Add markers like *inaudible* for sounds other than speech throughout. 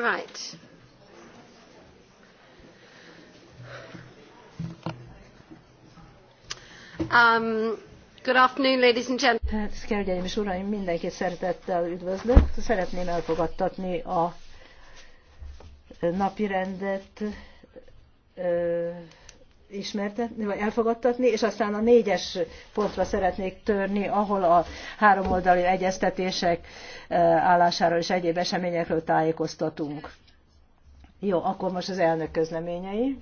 Right. Um, good afternoon, ladies and gentlemen. Szkedjeim és uraim, mindenki szeretettel üdvözlök. Szeretném elfogadtatni a napi rendet. Ö, ismertetni, vagy elfogadtatni, és aztán a négyes pontra szeretnék törni, ahol a háromoldalú egyeztetések eh, állásáról és egyéb eseményekről tájékoztatunk. Jó, akkor most az elnök közleményei.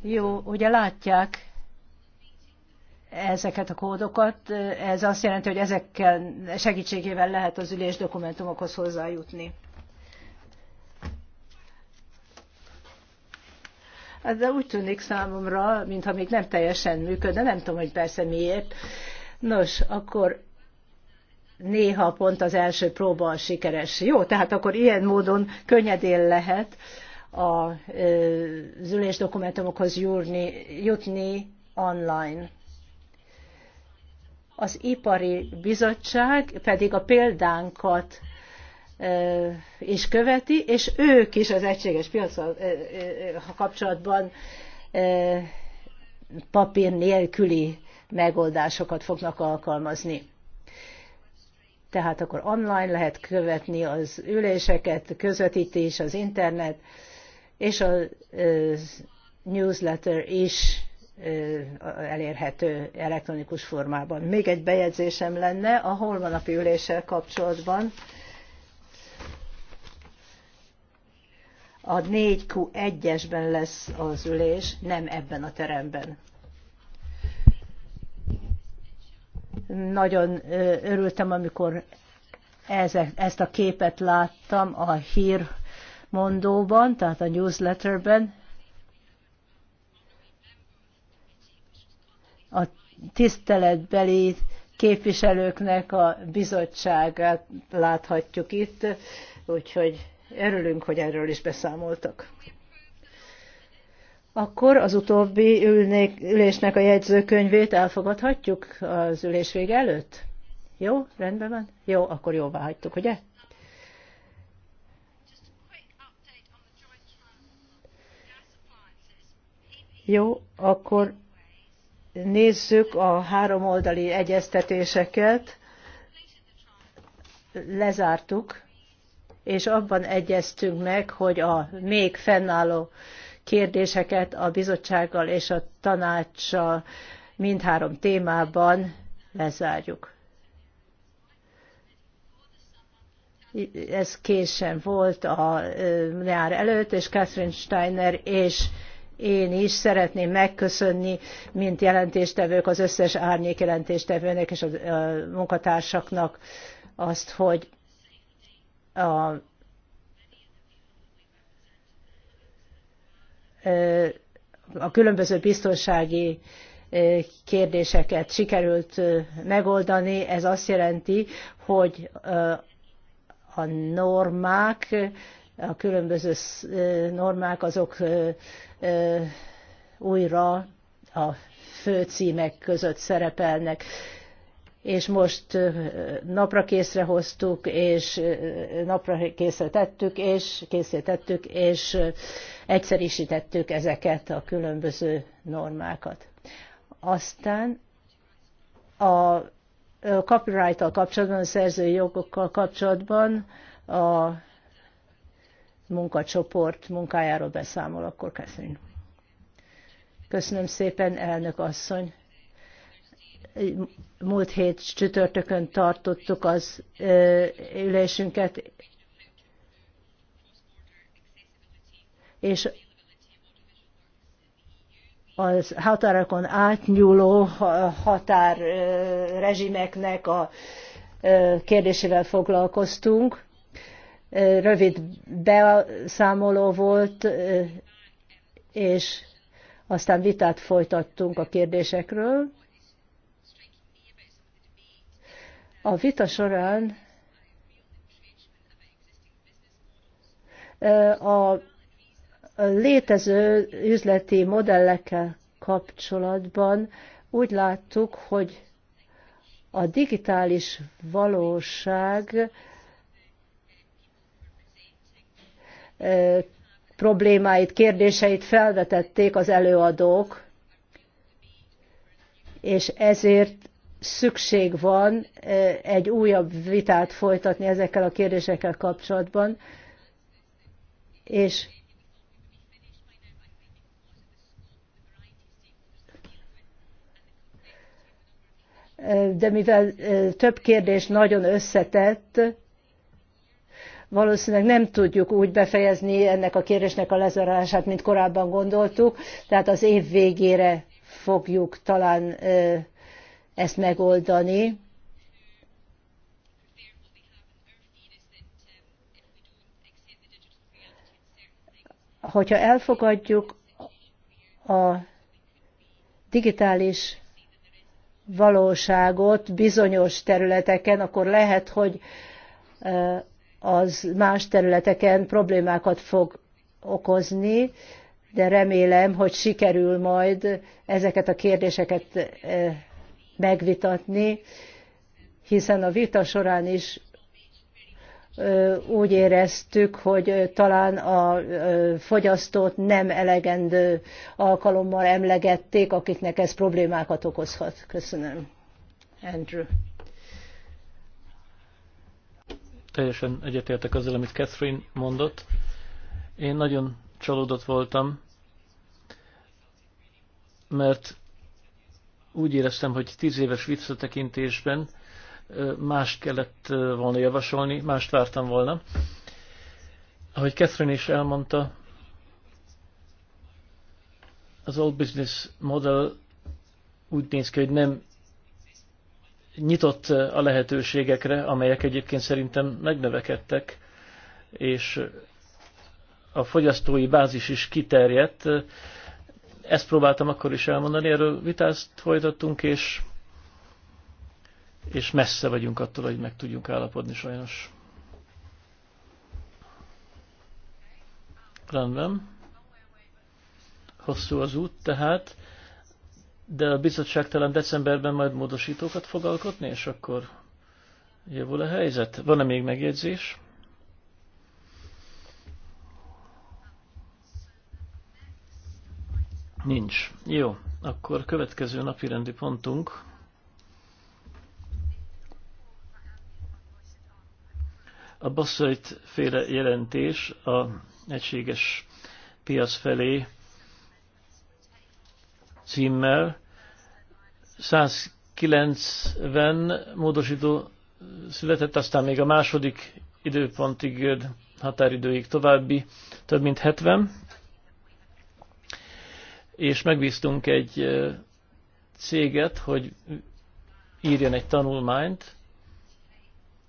Jó, ugye látják, ezeket a kódokat. Ez azt jelenti, hogy ezekkel segítségével lehet az ülés dokumentumokhoz hozzájutni. Hát de úgy tűnik számomra, mintha még nem teljesen működne, nem tudom, hogy persze miért. Nos, akkor néha pont az első próba sikeres. Jó, tehát akkor ilyen módon könnyedén lehet a, az ülés dokumentumokhoz jutni online. Az ipari bizottság pedig a példánkat is követi, és ők is az egységes piacsal kapcsolatban papír nélküli megoldásokat fognak alkalmazni. Tehát akkor online lehet követni az üléseket, közvetítés, az internet, és a newsletter is elérhető elektronikus formában. Még egy bejegyzésem lenne a holnapi üléssel kapcsolatban. A 4Q1-esben lesz az ülés, nem ebben a teremben. Nagyon örültem, amikor ezt a képet láttam a hírmondóban, tehát a newsletterben, a tiszteletbeli képviselőknek a bizottságát láthatjuk itt, úgyhogy örülünk, hogy erről is beszámoltak. Akkor az utóbbi ülnék, ülésnek a jegyzőkönyvét elfogadhatjuk az ülés vége előtt? Jó, rendben van? Jó, akkor jóvá hagytuk, ugye? Jó, akkor nézzük a háromoldali egyeztetéseket, lezártuk, és abban egyeztünk meg, hogy a még fennálló kérdéseket a bizottsággal és a tanácssal mindhárom témában lezárjuk. Ez készen volt a nyár előtt, és Catherine Steiner és én is szeretném megköszönni, mint jelentéstevők, az összes árnyék jelentéstevőnek és a munkatársaknak azt, hogy a a különböző biztonsági kérdéseket sikerült megoldani. Ez azt jelenti, hogy a normák, a különböző normák azok újra a főcímek között szerepelnek és most napra készre hoztuk, és napra készre tettük, és készítettük, és egyszerűsítettük ezeket a különböző normákat. Aztán a copyright-tal kapcsolatban, a szerzői jogokkal kapcsolatban a munkacsoport munkájáról beszámol, akkor Catherine. Köszönöm szépen, elnök asszony. Múlt hét csütörtökön tartottuk az ülésünket, és az határokon átnyúló határrezsimeknek a kérdésével foglalkoztunk rövid beszámoló volt, és aztán vitát folytattunk a kérdésekről. A vita során a létező üzleti modellekkel kapcsolatban úgy láttuk, hogy a digitális valóság problémáit, kérdéseit felvetették az előadók, és ezért szükség van egy újabb vitát folytatni ezekkel a kérdésekkel kapcsolatban, és de mivel több kérdés nagyon összetett, valószínűleg nem tudjuk úgy befejezni ennek a kérdésnek a lezárását, mint korábban gondoltuk, tehát az év végére fogjuk talán ezt megoldani. Hogyha elfogadjuk a digitális valóságot bizonyos területeken, akkor lehet, hogy az más területeken problémákat fog okozni, de remélem, hogy sikerül majd ezeket a kérdéseket e, megvitatni, hiszen a vita során is e, úgy éreztük, hogy talán a e, fogyasztót nem elegendő alkalommal emlegették, akiknek ez problémákat okozhat. Köszönöm. Andrew teljesen egyetértek azzal, amit Catherine mondott. Én nagyon csalódott voltam, mert úgy éreztem, hogy tíz éves visszatekintésben mást kellett volna javasolni, mást vártam volna. Ahogy Catherine is elmondta, az old business model úgy néz ki, hogy nem nyitott eh, a lehetőségekre, amelyek egyébként szerintem megnövekedtek, és a fogyasztói bázis is kiterjedt. Ezt próbáltam akkor is elmondani, erről vitást folytattunk, és, és messze vagyunk attól, hogy meg tudjunk állapodni sajnos. Rendben. Hosszú az út, tehát de a bizottság talán decemberben majd módosítókat fog alkotni, és akkor javul a helyzet. Van-e még megjegyzés? Nincs. Jó, akkor következő napi rendi pontunk. A basszait féle jelentés a egységes piac felé címmel 190 módosító született, aztán még a második időpontig, határidőig további több mint 70, és megbíztunk egy céget, hogy írjon egy tanulmányt,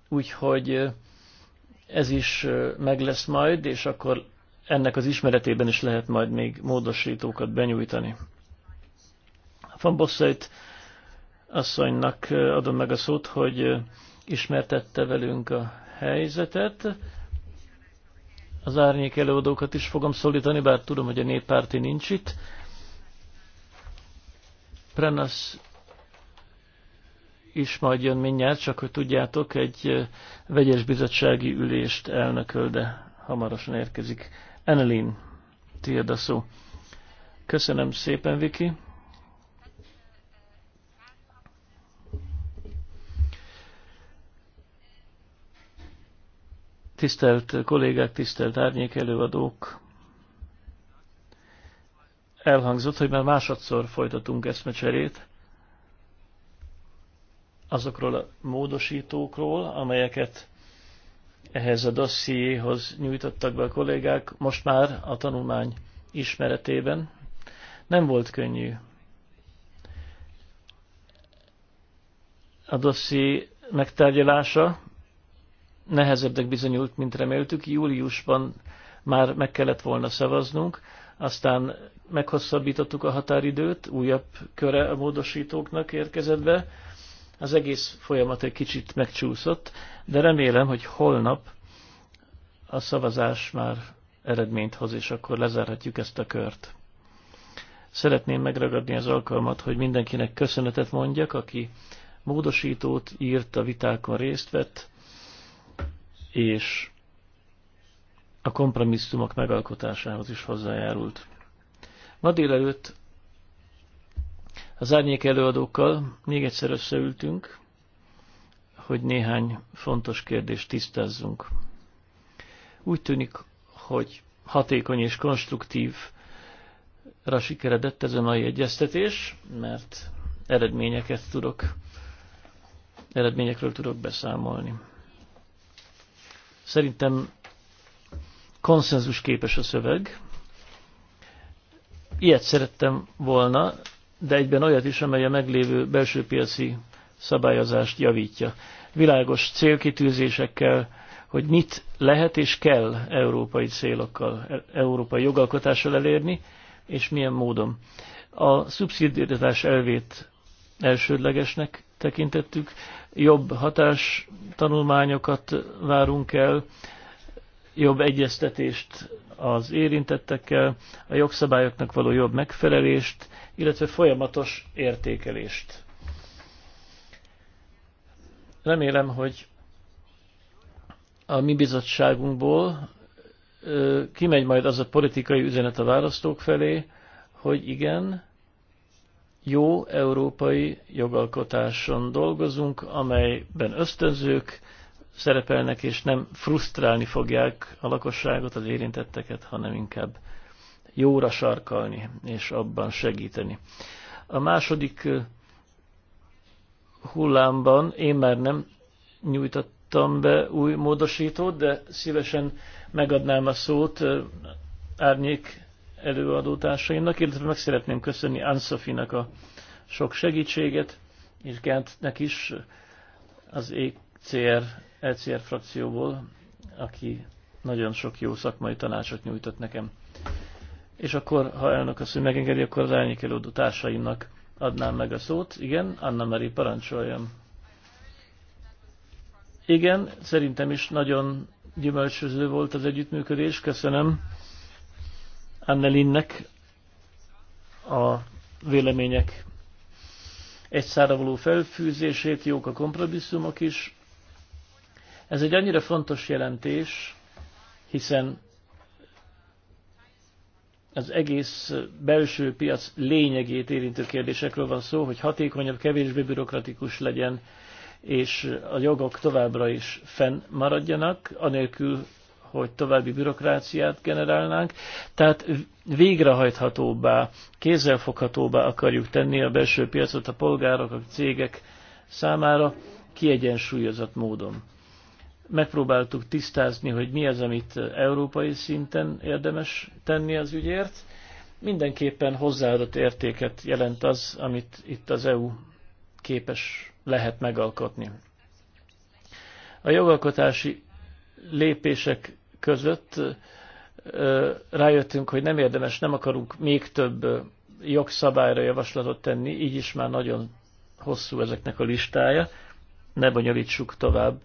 úgyhogy ez is meg lesz majd, és akkor ennek az ismeretében is lehet majd még módosítókat benyújtani. Van Bosszait asszonynak adom meg a szót, hogy ismertette velünk a helyzetet. Az árnyék előadókat is fogom szólítani, bár tudom, hogy a néppárti nincs itt. Prenas is majd jön mindjárt, csak hogy tudjátok, egy vegyes bizottsági ülést elnököl, de hamarosan érkezik. Annelin, tiéd a szó. Köszönöm szépen, Viki. Tisztelt kollégák, tisztelt árnyék előadók! Elhangzott, hogy már másodszor folytatunk eszmecserét azokról a módosítókról, amelyeket ehhez a dossziéhoz nyújtottak be a kollégák, most már a tanulmány ismeretében. Nem volt könnyű a dosszié megtárgyalása, nehezebbnek bizonyult, mint reméltük. Júliusban már meg kellett volna szavaznunk, aztán meghosszabbítottuk a határidőt, újabb köre a módosítóknak érkezett be. Az egész folyamat egy kicsit megcsúszott, de remélem, hogy holnap a szavazás már eredményt hoz, és akkor lezárhatjuk ezt a kört. Szeretném megragadni az alkalmat, hogy mindenkinek köszönetet mondjak, aki módosítót írt, a vitákon részt vett, és a kompromisszumok megalkotásához is hozzájárult. Ma délelőtt az árnyék előadókkal még egyszer összeültünk, hogy néhány fontos kérdést tisztázzunk. Úgy tűnik, hogy hatékony és konstruktívra sikeredett ez a mai egyeztetés, mert eredményeket tudok, eredményekről tudok beszámolni. Szerintem konszenzus képes a szöveg. Ilyet szerettem volna, de egyben olyat is, amely a meglévő belső piaci szabályozást javítja. Világos célkitűzésekkel, hogy mit lehet és kell európai célokkal, európai jogalkotással elérni, és milyen módon. A szubszidiaritás elvét elsődlegesnek tekintettük, jobb hatás tanulmányokat várunk el, jobb egyeztetést az érintettekkel, a jogszabályoknak való jobb megfelelést, illetve folyamatos értékelést. Remélem, hogy a mi bizottságunkból kimegy majd az a politikai üzenet a választók felé, hogy igen, jó európai jogalkotáson dolgozunk, amelyben ösztönzők szerepelnek, és nem frusztrálni fogják a lakosságot, az érintetteket, hanem inkább jóra sarkalni, és abban segíteni. A második hullámban én már nem nyújtottam be új módosítót, de szívesen megadnám a szót árnyék előadótársaimnak, illetve meg szeretném köszönni Ansofinak a sok segítséget, és Gentnek is az ECR, ECR frakcióból, aki nagyon sok jó szakmai tanácsot nyújtott nekem. És akkor, ha elnök azt, hogy megengedi, akkor az elnyék előadó társaimnak adnám meg a szót. Igen, Anna Mari, parancsoljam. Igen, szerintem is nagyon gyümölcsöző volt az együttműködés, köszönöm Annelinnek a vélemények egy szára való felfűzését, jók a kompromisszumok is. Ez egy annyira fontos jelentés, hiszen az egész belső piac lényegét érintő kérdésekről van szó, hogy hatékonyabb, kevésbé bürokratikus legyen, és a jogok továbbra is fennmaradjanak, anélkül, hogy további bürokráciát generálnánk. Tehát végrehajthatóbbá, kézzelfoghatóbbá akarjuk tenni a belső piacot a polgárok, a cégek számára kiegyensúlyozott módon. Megpróbáltuk tisztázni, hogy mi az, amit európai szinten érdemes tenni az ügyért. Mindenképpen hozzáadott értéket jelent az, amit itt az EU képes lehet megalkotni. A jogalkotási lépések között rájöttünk, hogy nem érdemes, nem akarunk még több jogszabályra javaslatot tenni, így is már nagyon hosszú ezeknek a listája, ne bonyolítsuk tovább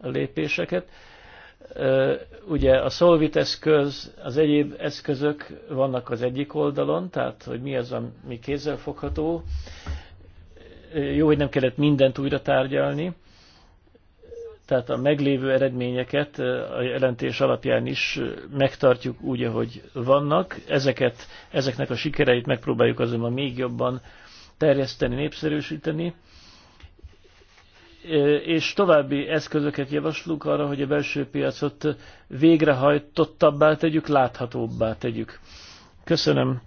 a lépéseket. Ugye a szolvit eszköz, az egyéb eszközök vannak az egyik oldalon, tehát hogy mi az, ami kézzelfogható. Jó, hogy nem kellett mindent újra tárgyalni, tehát a meglévő eredményeket a jelentés alapján is megtartjuk úgy, ahogy vannak. Ezeket, ezeknek a sikereit megpróbáljuk azonban még jobban terjeszteni, népszerűsíteni, és további eszközöket javaslunk arra, hogy a belső piacot végrehajtottabbá tegyük, láthatóbbá tegyük. Köszönöm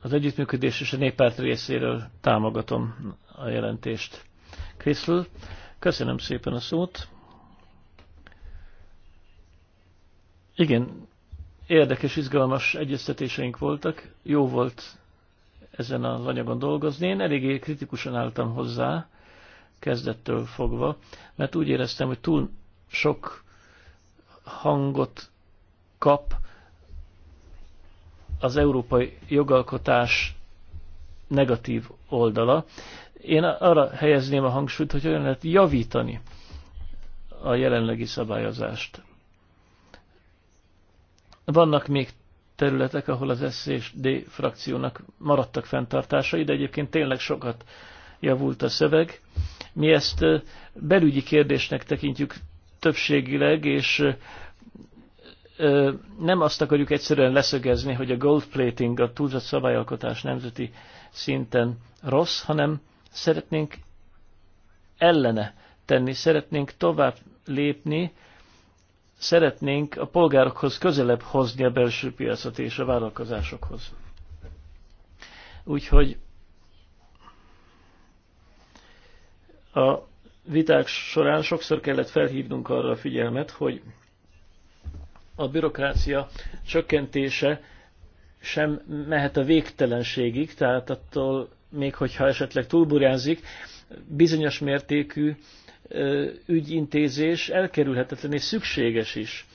az együttműködés és a néppárt részéről támogatom a jelentést. Kriszl, köszönöm szépen a szót. Igen, érdekes, izgalmas egyeztetéseink voltak. Jó volt ezen az anyagon dolgozni. Én eléggé kritikusan álltam hozzá, kezdettől fogva, mert úgy éreztem, hogy túl sok hangot kap az európai jogalkotás negatív oldala. Én arra helyezném a hangsúlyt, hogy olyan lehet javítani a jelenlegi szabályozást. Vannak még területek, ahol az SZSD frakciónak maradtak fenntartásai, de egyébként tényleg sokat javult a szöveg. Mi ezt belügyi kérdésnek tekintjük többségileg, és nem azt akarjuk egyszerűen leszögezni, hogy a gold plating, a túlzott szabályalkotás nemzeti szinten rossz, hanem szeretnénk ellene tenni, szeretnénk tovább lépni, szeretnénk a polgárokhoz közelebb hozni a belső piacot és a vállalkozásokhoz. Úgyhogy a viták során sokszor kellett felhívnunk arra a figyelmet, hogy a bürokrácia csökkentése sem mehet a végtelenségig, tehát attól még hogyha esetleg túlburjázik, bizonyos mértékű ügyintézés elkerülhetetlen és szükséges is.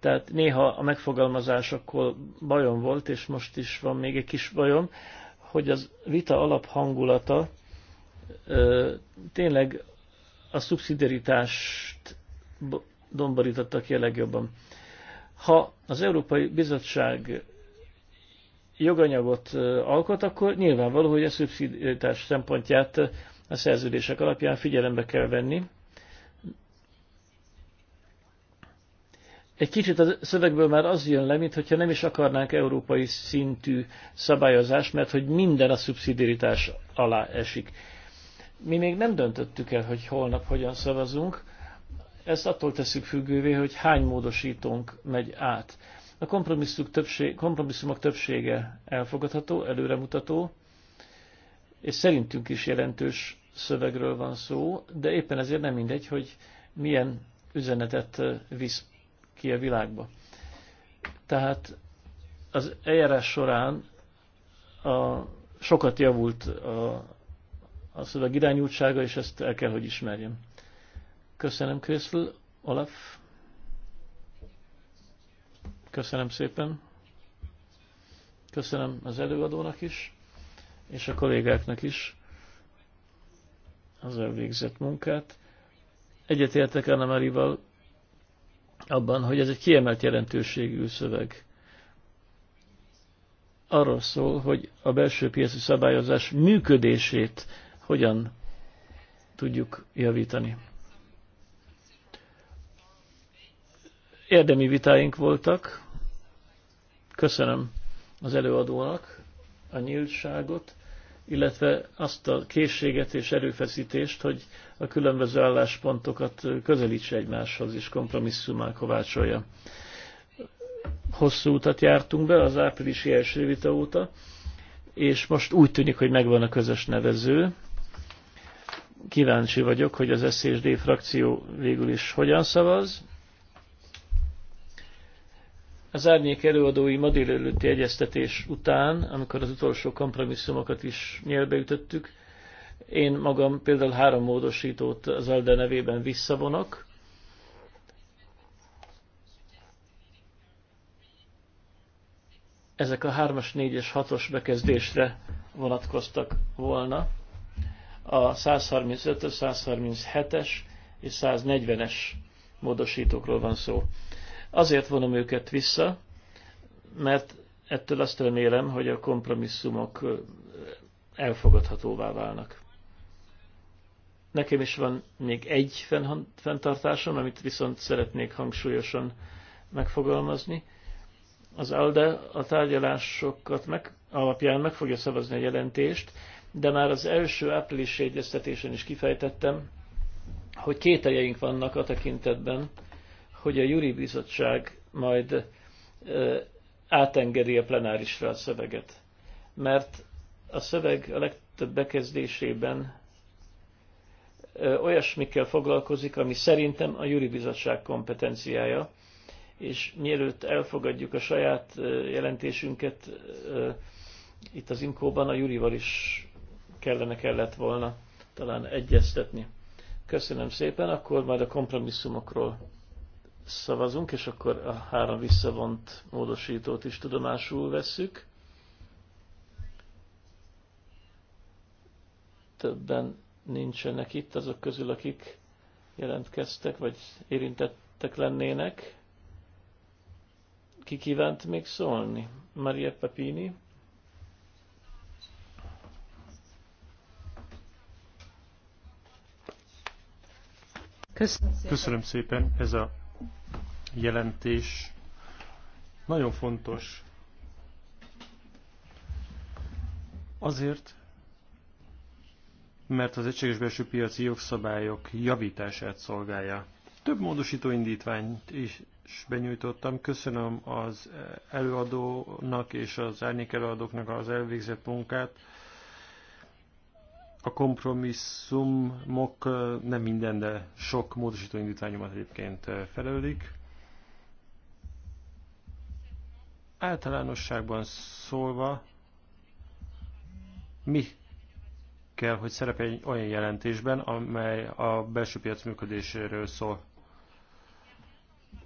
Tehát néha a megfogalmazásokkal bajom volt, és most is van még egy kis bajom, hogy az vita alaphangulata ö, tényleg a szubszidiaritást domborította ki a legjobban. Ha az Európai Bizottság joganyagot alkot, akkor nyilvánvaló, hogy a szubszidítás szempontját a szerződések alapján figyelembe kell venni. Egy kicsit a szövegből már az jön le, mintha nem is akarnánk európai szintű szabályozást, mert hogy minden a szubszidiaritás alá esik. Mi még nem döntöttük el, hogy holnap hogyan szavazunk, ezt attól teszük függővé, hogy hány módosítónk megy át. A többség, kompromisszumok többsége elfogadható, előremutató, és szerintünk is jelentős szövegről van szó, de éppen ezért nem mindegy, hogy milyen üzenetet visz ki a világba. Tehát az eljárás során a, sokat javult a, a szöveg irányultsága, és ezt el kell, hogy ismerjem. Köszönöm, Krisztl. Olaf. Köszönöm szépen. Köszönöm az előadónak is, és a kollégáknak is az elvégzett munkát. Egyetértek Anna Marival abban, hogy ez egy kiemelt jelentőségű szöveg. Arról szól, hogy a belső piaci szabályozás működését hogyan tudjuk javítani. Érdemi vitáink voltak. Köszönöm az előadónak a nyíltságot, illetve azt a készséget és erőfeszítést, hogy a különböző álláspontokat közelítse egymáshoz és kompromisszumá kovácsolja. Hosszú utat jártunk be az áprilisi első vita óta, és most úgy tűnik, hogy megvan a közös nevező. Kíváncsi vagyok, hogy az SZSD frakció végül is hogyan szavaz, az árnyék előadói ma délelőtti egyeztetés után, amikor az utolsó kompromisszumokat is nyelbeütöttük, én magam például három módosítót az Alde nevében visszavonok, ezek a 3-as, 4-es, 6-os bekezdésre vonatkoztak volna. A 135-ös, 137-es és 140-es módosítókról van szó. Azért vonom őket vissza, mert ettől azt remélem, hogy a kompromisszumok elfogadhatóvá válnak. Nekem is van még egy fenntartásom, amit viszont szeretnék hangsúlyosan megfogalmazni. Az ALDE a tárgyalásokat meg, alapján meg fogja szavazni a jelentést, de már az első április egyeztetésen is kifejtettem, hogy kételjeink vannak a tekintetben, hogy a Juri Bizottság majd átengedi a plenárisra a szöveget. Mert a szöveg a legtöbb bekezdésében olyasmikkel foglalkozik, ami szerintem a Juri Bizottság kompetenciája, és mielőtt elfogadjuk a saját jelentésünket, itt az Inkóban a Jurival is kellene kellett volna talán egyeztetni. Köszönöm szépen, akkor majd a kompromisszumokról szavazunk, és akkor a három visszavont módosítót is tudomásul vesszük. Többen nincsenek itt azok közül, akik jelentkeztek, vagy érintettek lennének. Ki kívánt még szólni? Maria Pepini? Köszönöm szépen. Köszönöm szépen. Ez a jelentés nagyon fontos. Azért, mert az egységes belső piaci jogszabályok javítását szolgálja. Több módosító indítványt is benyújtottam. Köszönöm az előadónak és az árnyék előadóknak az elvégzett munkát. A kompromisszumok nem minden, de sok módosító indítványomat egyébként felelődik. Általánosságban szólva mi kell, hogy szerepeljen egy olyan jelentésben, amely a belső piac működéséről szól.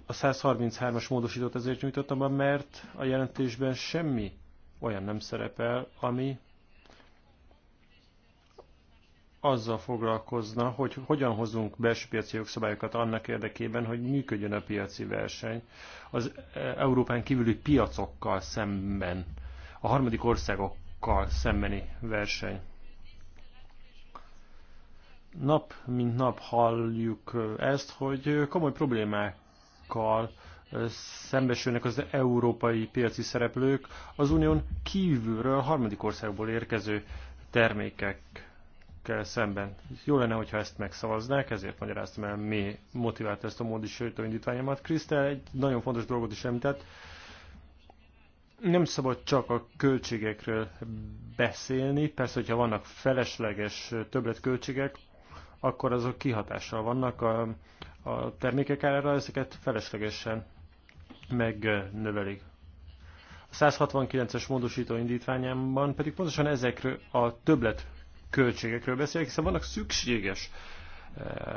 A 133-as módosítót ezért nyújtottam be, mert a jelentésben semmi olyan nem szerepel, ami azzal foglalkozna, hogy hogyan hozunk belső piaci jogszabályokat annak érdekében, hogy működjön a piaci verseny az e, Európán kívüli piacokkal szemben, a harmadik országokkal szembeni verseny. Nap mint nap halljuk e, ezt, hogy komoly problémákkal e, szembesülnek az európai piaci szereplők az unión kívülről, harmadik országból érkező termékek kell szemben. Jó lenne, hogyha ezt megszavaznák, ezért magyaráztam el, mi motivált ezt a módisító indítványomat. Krisztel egy nagyon fontos dolgot is említett. Nem szabad csak a költségekről beszélni, persze, hogyha vannak felesleges többletköltségek, akkor azok kihatással vannak a, a termékek árára, ezeket feleslegesen megnövelik. A 169-es módosító indítványában pedig pontosan ezekről a többlet költségekről beszélek, hiszen vannak szükséges,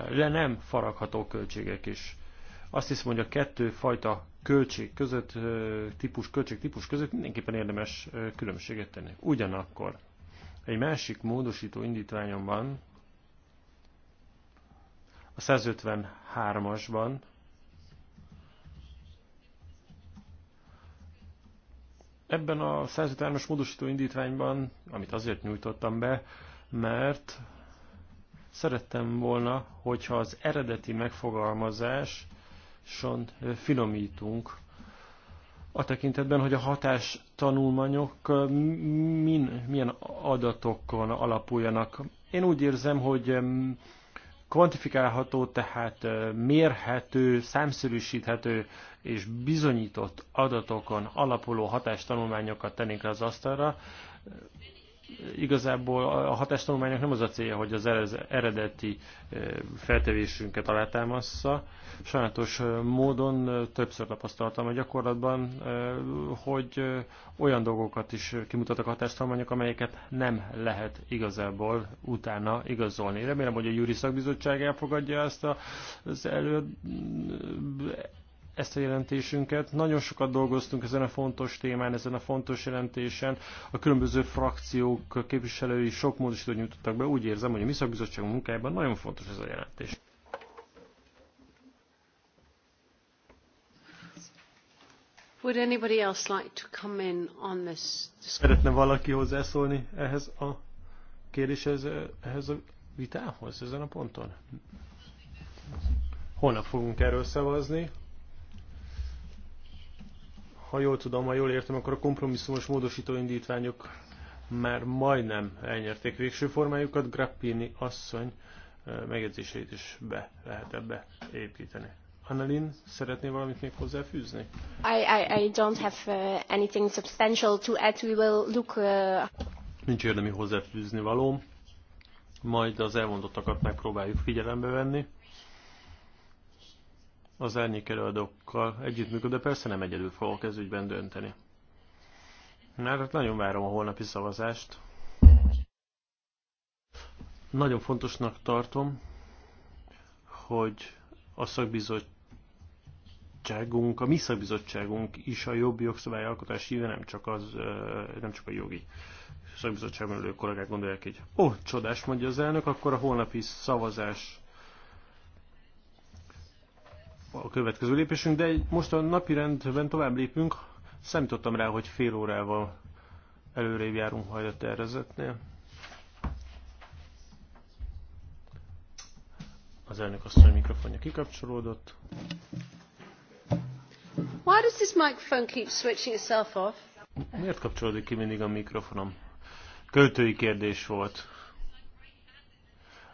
le eh, nem faragható költségek is. Azt hiszem, hogy a kettő fajta költség között, eh, típus, költség típus között mindenképpen érdemes eh, különbséget tenni. Ugyanakkor egy másik módosító indítványomban, a 153-asban, ebben a 153-as módosító indítványban, amit azért nyújtottam be, mert szerettem volna, hogyha az eredeti megfogalmazáson finomítunk, a tekintetben, hogy a hatás tanulmányok min, milyen adatokon alapuljanak. Én úgy érzem, hogy kvantifikálható, tehát mérhető, számszerűsíthető és bizonyított adatokon alapuló hatástanulmányokat tennénk le az asztalra, igazából a hatástanulmánynak nem az a célja, hogy az eredeti e, feltevésünket alátámassza. Sajnálatos e, módon e, többször tapasztaltam a gyakorlatban, hogy olyan dolgokat is kimutattak a hatástanulmányok, amelyeket nem lehet igazából utána igazolni. Remélem, hogy a Júri Szakbizottság elfogadja ezt az elő ezt a jelentésünket. Nagyon sokat dolgoztunk ezen a fontos témán, ezen a fontos jelentésen. A különböző frakciók képviselői sok módosítót nyújtottak be. Úgy érzem, hogy a Miszakbizottság munkájában nagyon fontos ez a jelentés. Would anybody else like to come in on this? Szeretne valaki hozzászólni ehhez a kérdéshez, ehhez a vitához ezen a ponton? Holnap fogunk erről szavazni ha jól tudom, ha jól értem, akkor a kompromisszumos módosító indítványok már majdnem elnyerték végső formájukat. Grappini asszony megjegyzéseit is be lehet ebbe építeni. Annalyn, szeretné valamit még hozzáfűzni? I, I, I don't have uh, anything substantial to add. We will look... Uh... Nincs érdemi hozzáfűzni való. Majd az elmondottakat megpróbáljuk figyelembe venni az árnyékelőadókkal együttműködve persze nem egyedül fogok ez ügyben dönteni. Már hát nagyon várom a holnapi szavazást. Nagyon fontosnak tartom, hogy a szakbizottságunk, a mi szakbizottságunk is a jobb jogszabályalkotás híve, nem csak, az, nem csak a jogi szakbizottságban ülő kollégák gondolják így. Ó, oh, csodás, mondja az elnök, akkor a holnapi szavazás a következő lépésünk, de most a napi rendben tovább lépünk. Számítottam rá, hogy fél órával előrébb járunk majd a tervezetnél. Az elnök asszony mikrofonja kikapcsolódott. Why does this microphone keep switching itself off? Miért kapcsolódik ki mindig a mikrofonom? Költői kérdés volt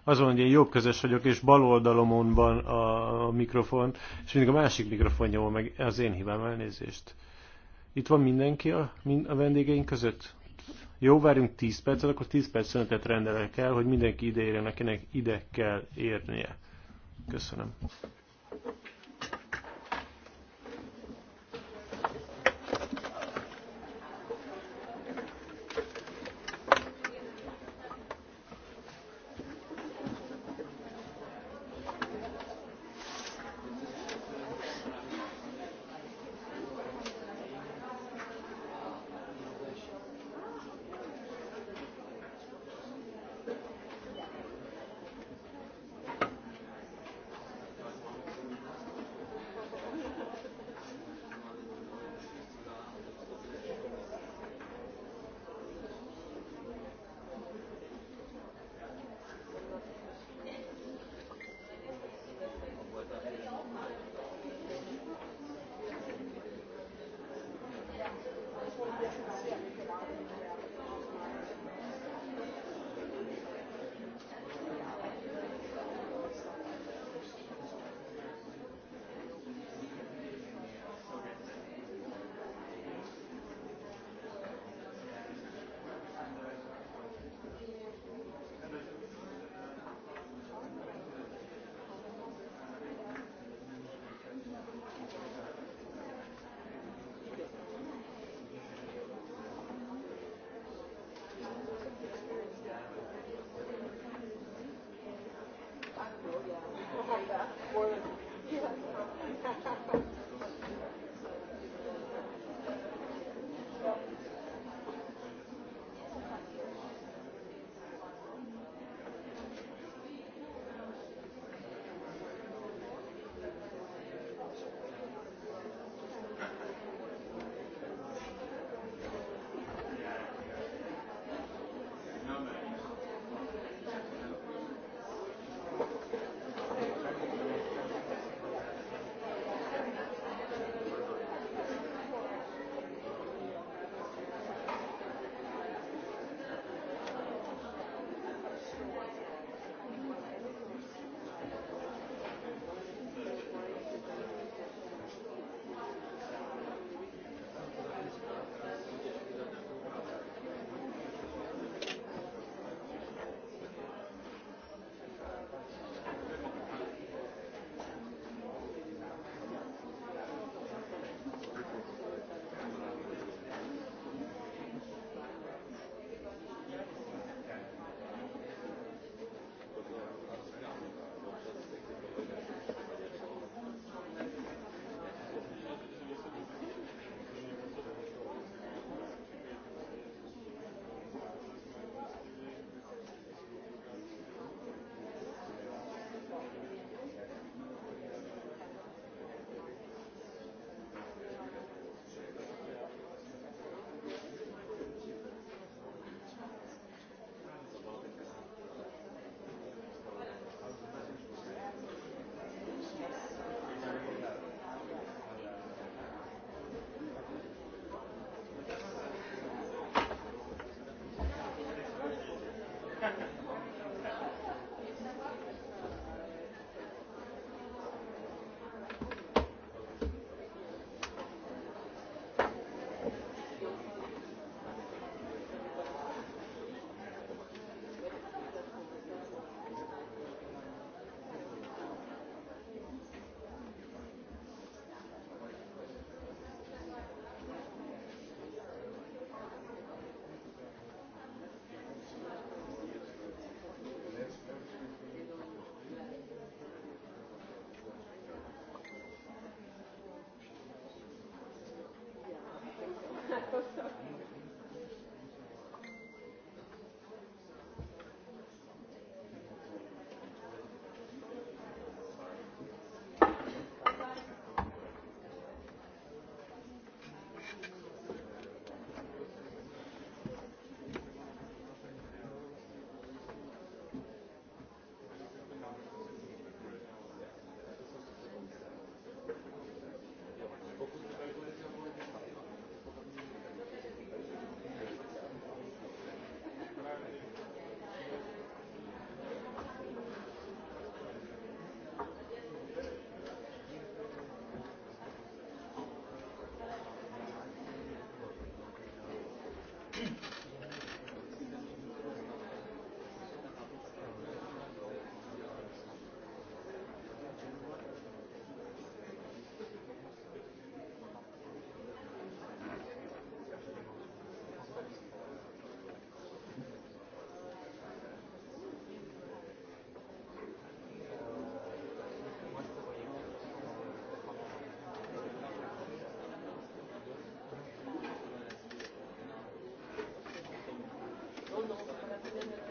azon, hogy én jobb közös vagyok, és bal oldalomon van a mikrofon, és mindig a másik mikrofon nyomom meg, az én hibám, elnézést. Itt van mindenki a, a vendégeink között? Jó, várjunk 10 percet, akkor 10 perc szünetet rendelek el, hogy mindenki ide érjen, akinek ide kell érnie. Köszönöm.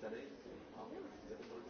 today? Oh, yeah.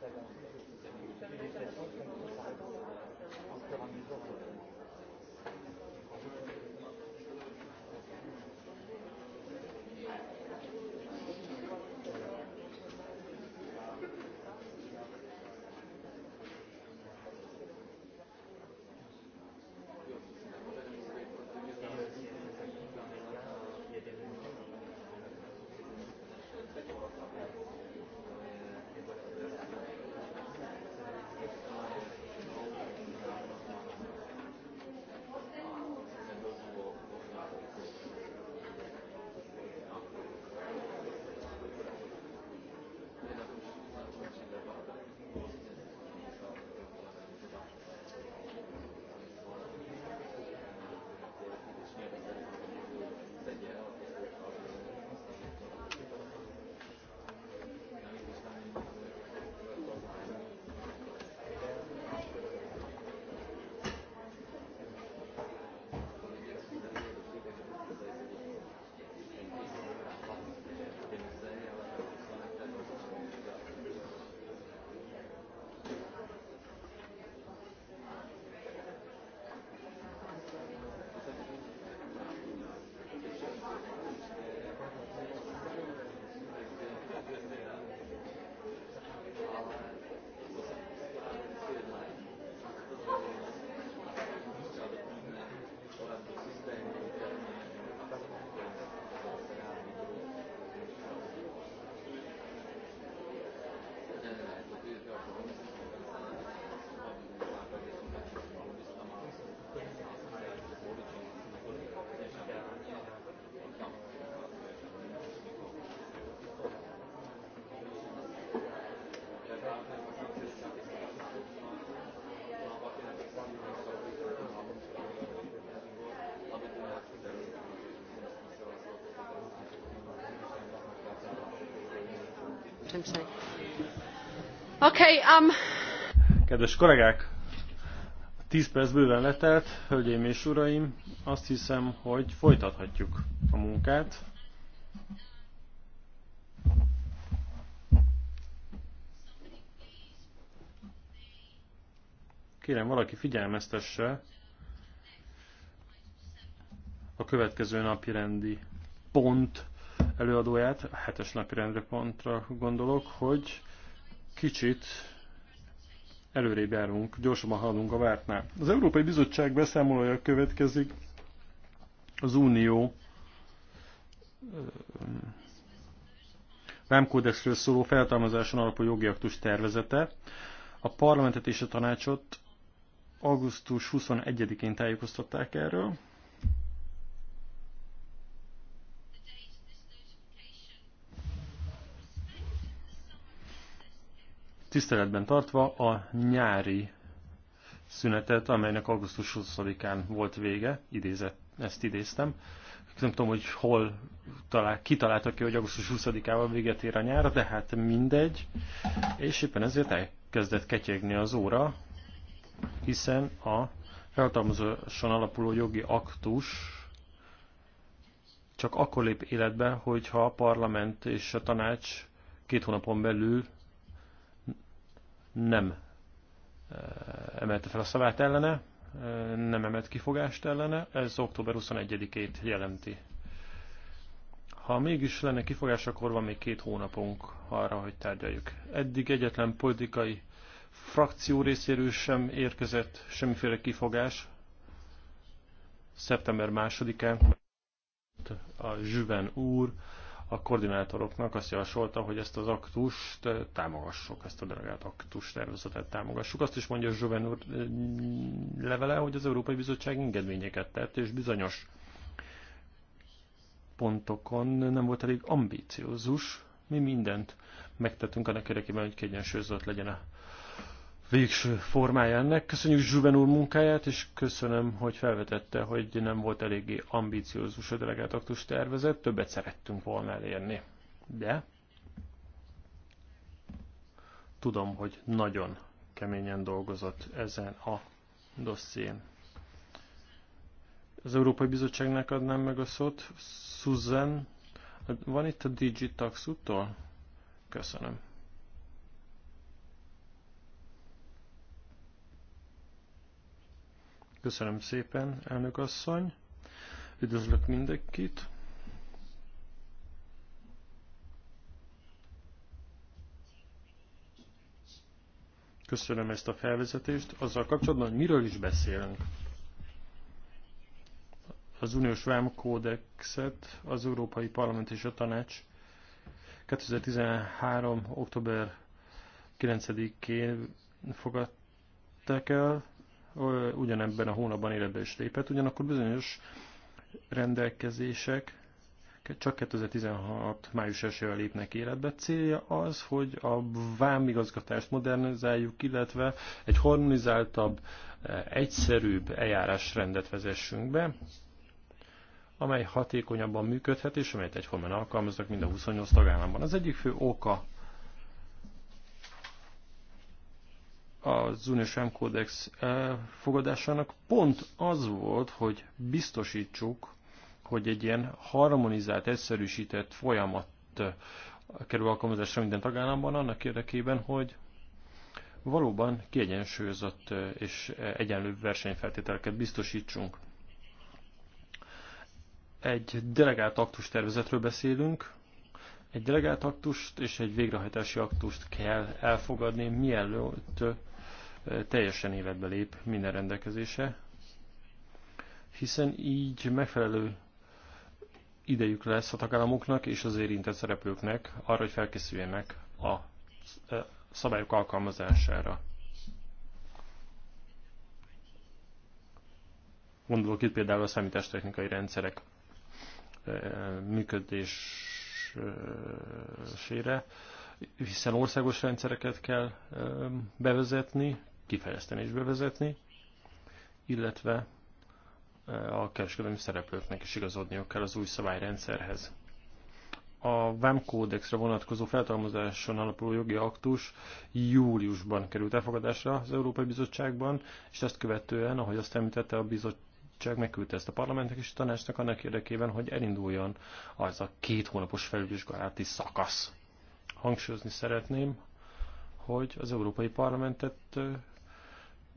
Thank you. Okay, um... Kedves kollégák, 10 perc bőven letelt, hölgyeim és uraim, azt hiszem, hogy folytathatjuk a munkát. Kérem, valaki figyelmeztesse a következő napi rendi pont előadóját, hetes napi pontra gondolok, hogy kicsit előrébb járunk, gyorsabban haladunk a vártnál. Az Európai Bizottság beszámolója következik az Unió vámkódexről szóló feltalmazáson alapú jogi aktus tervezete. A parlamentet és a tanácsot augusztus 21-én tájékoztatták erről. tiszteletben tartva a nyári szünetet, amelynek augusztus 20-án volt vége, idézett, ezt idéztem. Nem tudom, hogy hol talál, kitaláltak ki, hogy augusztus 20-ával véget ér a nyár, de hát mindegy. És éppen ezért elkezdett ketyegni az óra, hiszen a feltalmazáson alapuló jogi aktus csak akkor lép életbe, hogyha a parlament és a tanács két hónapon belül nem emelte fel a szavát ellene, nem emelt kifogást ellene, ez október 21-ét jelenti. Ha mégis lenne kifogás, akkor van még két hónapunk arra, hogy tárgyaljuk. Eddig egyetlen politikai frakció részéről sem érkezett semmiféle kifogás. Szeptember 2 e a Zsüven úr a koordinátoroknak azt javasolta, hogy ezt az aktust eh, támogassuk, ezt a delegált aktus tervezetet támogassuk. Azt is mondja Zsuven úr eh, levele, hogy az Európai Bizottság engedményeket tett, és bizonyos pontokon nem volt elég ambíciózus. Mi mindent megtettünk annak érdekében, hogy kiegyensúlyozott legyen a végső formája ennek. Köszönjük Zsuben úr munkáját, és köszönöm, hogy felvetette, hogy nem volt eléggé ambiciózus a delegált aktus tervezet, többet szerettünk volna elérni. De tudom, hogy nagyon keményen dolgozott ezen a dosszén. Az Európai Bizottságnak adnám meg a szót. Susan, van itt a Digitax Digitaxutól? Köszönöm. Köszönöm szépen, elnök asszony. Üdvözlök mindenkit. Köszönöm ezt a felvezetést. Azzal kapcsolatban, hogy miről is beszélünk. Az uniós vámkódexet az Európai Parlament és a Tanács 2013. október 9-én fogadták el ugyanebben a hónapban életbe is lépett, ugyanakkor bizonyos rendelkezések csak 2016. május 1 lépnek életbe. Célja az, hogy a vámigazgatást modernizáljuk, illetve egy harmonizáltabb, e, egyszerűbb eljárásrendet vezessünk be, amely hatékonyabban működhet, és amelyet egyformán alkalmaznak mind a 28 tagállamban. Az egyik fő oka az uniós kódex elfogadásának pont az volt, hogy biztosítsuk, hogy egy ilyen harmonizált, egyszerűsített folyamat kerül alkalmazásra minden tagállamban annak érdekében, hogy valóban kiegyensúlyozott és egyenlő versenyfeltételeket biztosítsunk. Egy delegált aktus tervezetről beszélünk, egy delegált aktust és egy végrehajtási aktust kell elfogadni, mielőtt teljesen életbe lép minden rendelkezése, hiszen így megfelelő idejük lesz a tagállamoknak és az érintett szereplőknek arra, hogy felkészüljenek a e, szabályok alkalmazására. Gondolok itt például a számítástechnikai rendszerek e, működésére, hiszen országos rendszereket kell e, bevezetni, kifejezteni és bevezetni, illetve e, a kereskedelmi szereplőknek is igazodniuk kell az új szabályrendszerhez. A VAM kódexre vonatkozó feltalmazáson alapuló jogi aktus júliusban került elfogadásra az Európai Bizottságban, és ezt követően, ahogy azt említette, a bizottság megküldte ezt a parlamentnek és a tanácsnak annak érdekében, hogy elinduljon az a két hónapos felülvizsgálati szakasz. Hangsúlyozni szeretném, hogy az Európai Parlamentet e,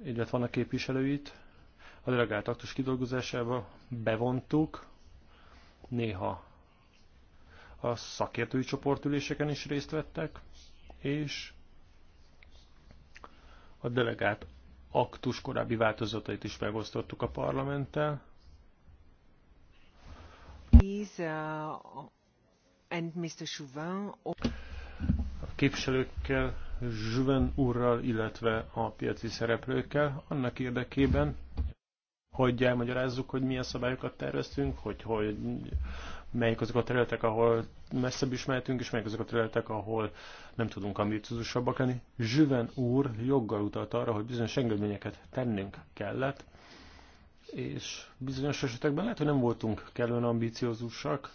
illetve a képviselőit. A delegált aktus kidolgozásába bevontuk, néha a szakértői csoportüléseken is részt vettek, és a delegált aktus korábbi változatait is megosztottuk a parlamenttel. Uh, a képviselőkkel Zsven úrral, illetve a piaci szereplőkkel annak érdekében, hogy elmagyarázzuk, hogy milyen szabályokat terveztünk, hogy, hogy melyik azok a területek, ahol messzebb is mehetünk, és melyik azok a területek, ahol nem tudunk ambiciózusabbak lenni. Zsüven úr joggal utalt arra, hogy bizonyos engedményeket tennünk kellett, és bizonyos esetekben lehet, hogy nem voltunk kellően ambiciózusak,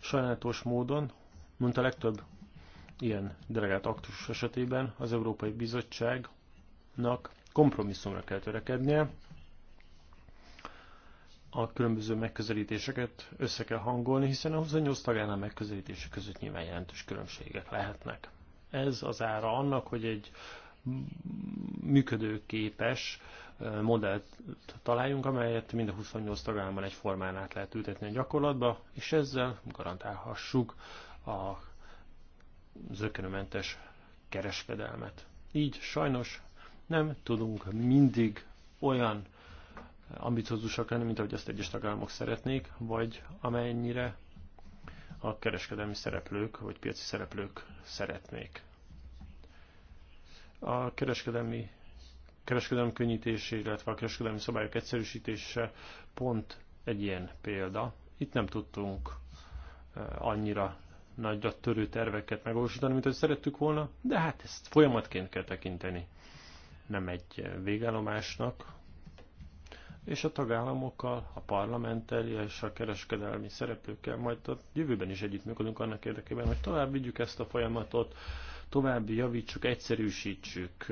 sajnálatos módon, mondta legtöbb ilyen delegált aktus esetében az Európai Bizottságnak kompromisszumra kell törekednie, a különböző megközelítéseket össze kell hangolni, hiszen a 28 tagállam megközelítések között nyilván jelentős különbségek lehetnek. Ez az ára annak, hogy egy működőképes modellt találjunk, amelyet mind a 28 tagállamban egyformán át lehet ültetni a gyakorlatba, és ezzel garantálhassuk a zökönömentes kereskedelmet. Így sajnos nem tudunk mindig olyan ambiciózusak lenni, mint ahogy azt egyes tagállamok szeretnék, vagy amennyire a kereskedelmi szereplők vagy piaci szereplők szeretnék. A kereskedelmi kereskedelmi könnyítés, illetve a kereskedelmi szabályok egyszerűsítése pont egy ilyen példa. Itt nem tudtunk eh, annyira nagyra törő terveket megvalósítani, mint hogy szerettük volna, de hát ezt folyamatként kell tekinteni, nem egy végállomásnak. És a tagállamokkal, a parlamenttel és a kereskedelmi szereplőkkel majd a jövőben is együttműködünk annak érdekében, hogy tovább vigyük ezt a folyamatot, tovább javítsuk, egyszerűsítsük,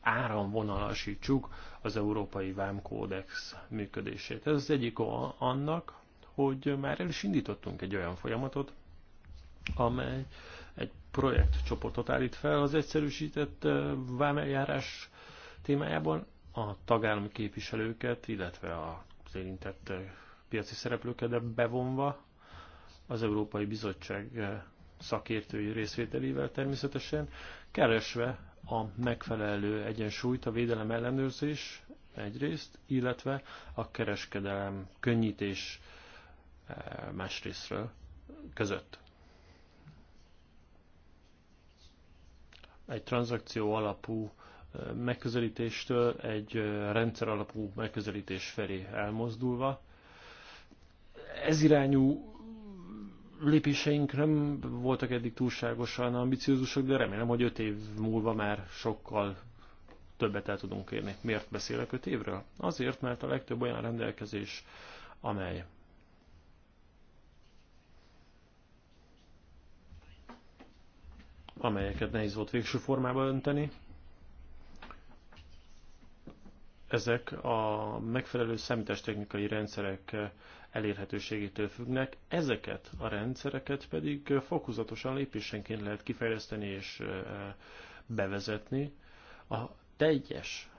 áramvonalasítsuk az Európai Vámkódex működését. Ez az egyik annak, hogy már el is indítottunk egy olyan folyamatot, amely egy projektcsoportot állít fel az egyszerűsített vámeljárás témájában a tagállami képviselőket, illetve az érintett piaci szereplőket bevonva az Európai Bizottság szakértői részvételével természetesen, keresve a megfelelő egyensúlyt a védelem ellenőrzés egyrészt, illetve a kereskedelem könnyítés másrésztről között. egy tranzakció alapú megközelítéstől egy rendszer alapú megközelítés felé elmozdulva. Ez irányú lépéseink nem voltak eddig túlságosan ambiciózusak, de remélem, hogy öt év múlva már sokkal többet el tudunk érni. Miért beszélek öt évről? Azért, mert a legtöbb olyan rendelkezés, amely amelyeket nehéz volt végső formába önteni. Ezek a megfelelő számítástechnikai rendszerek elérhetőségétől függnek, ezeket a rendszereket pedig fokozatosan lépésenként lehet kifejleszteni és e, bevezetni. A teljes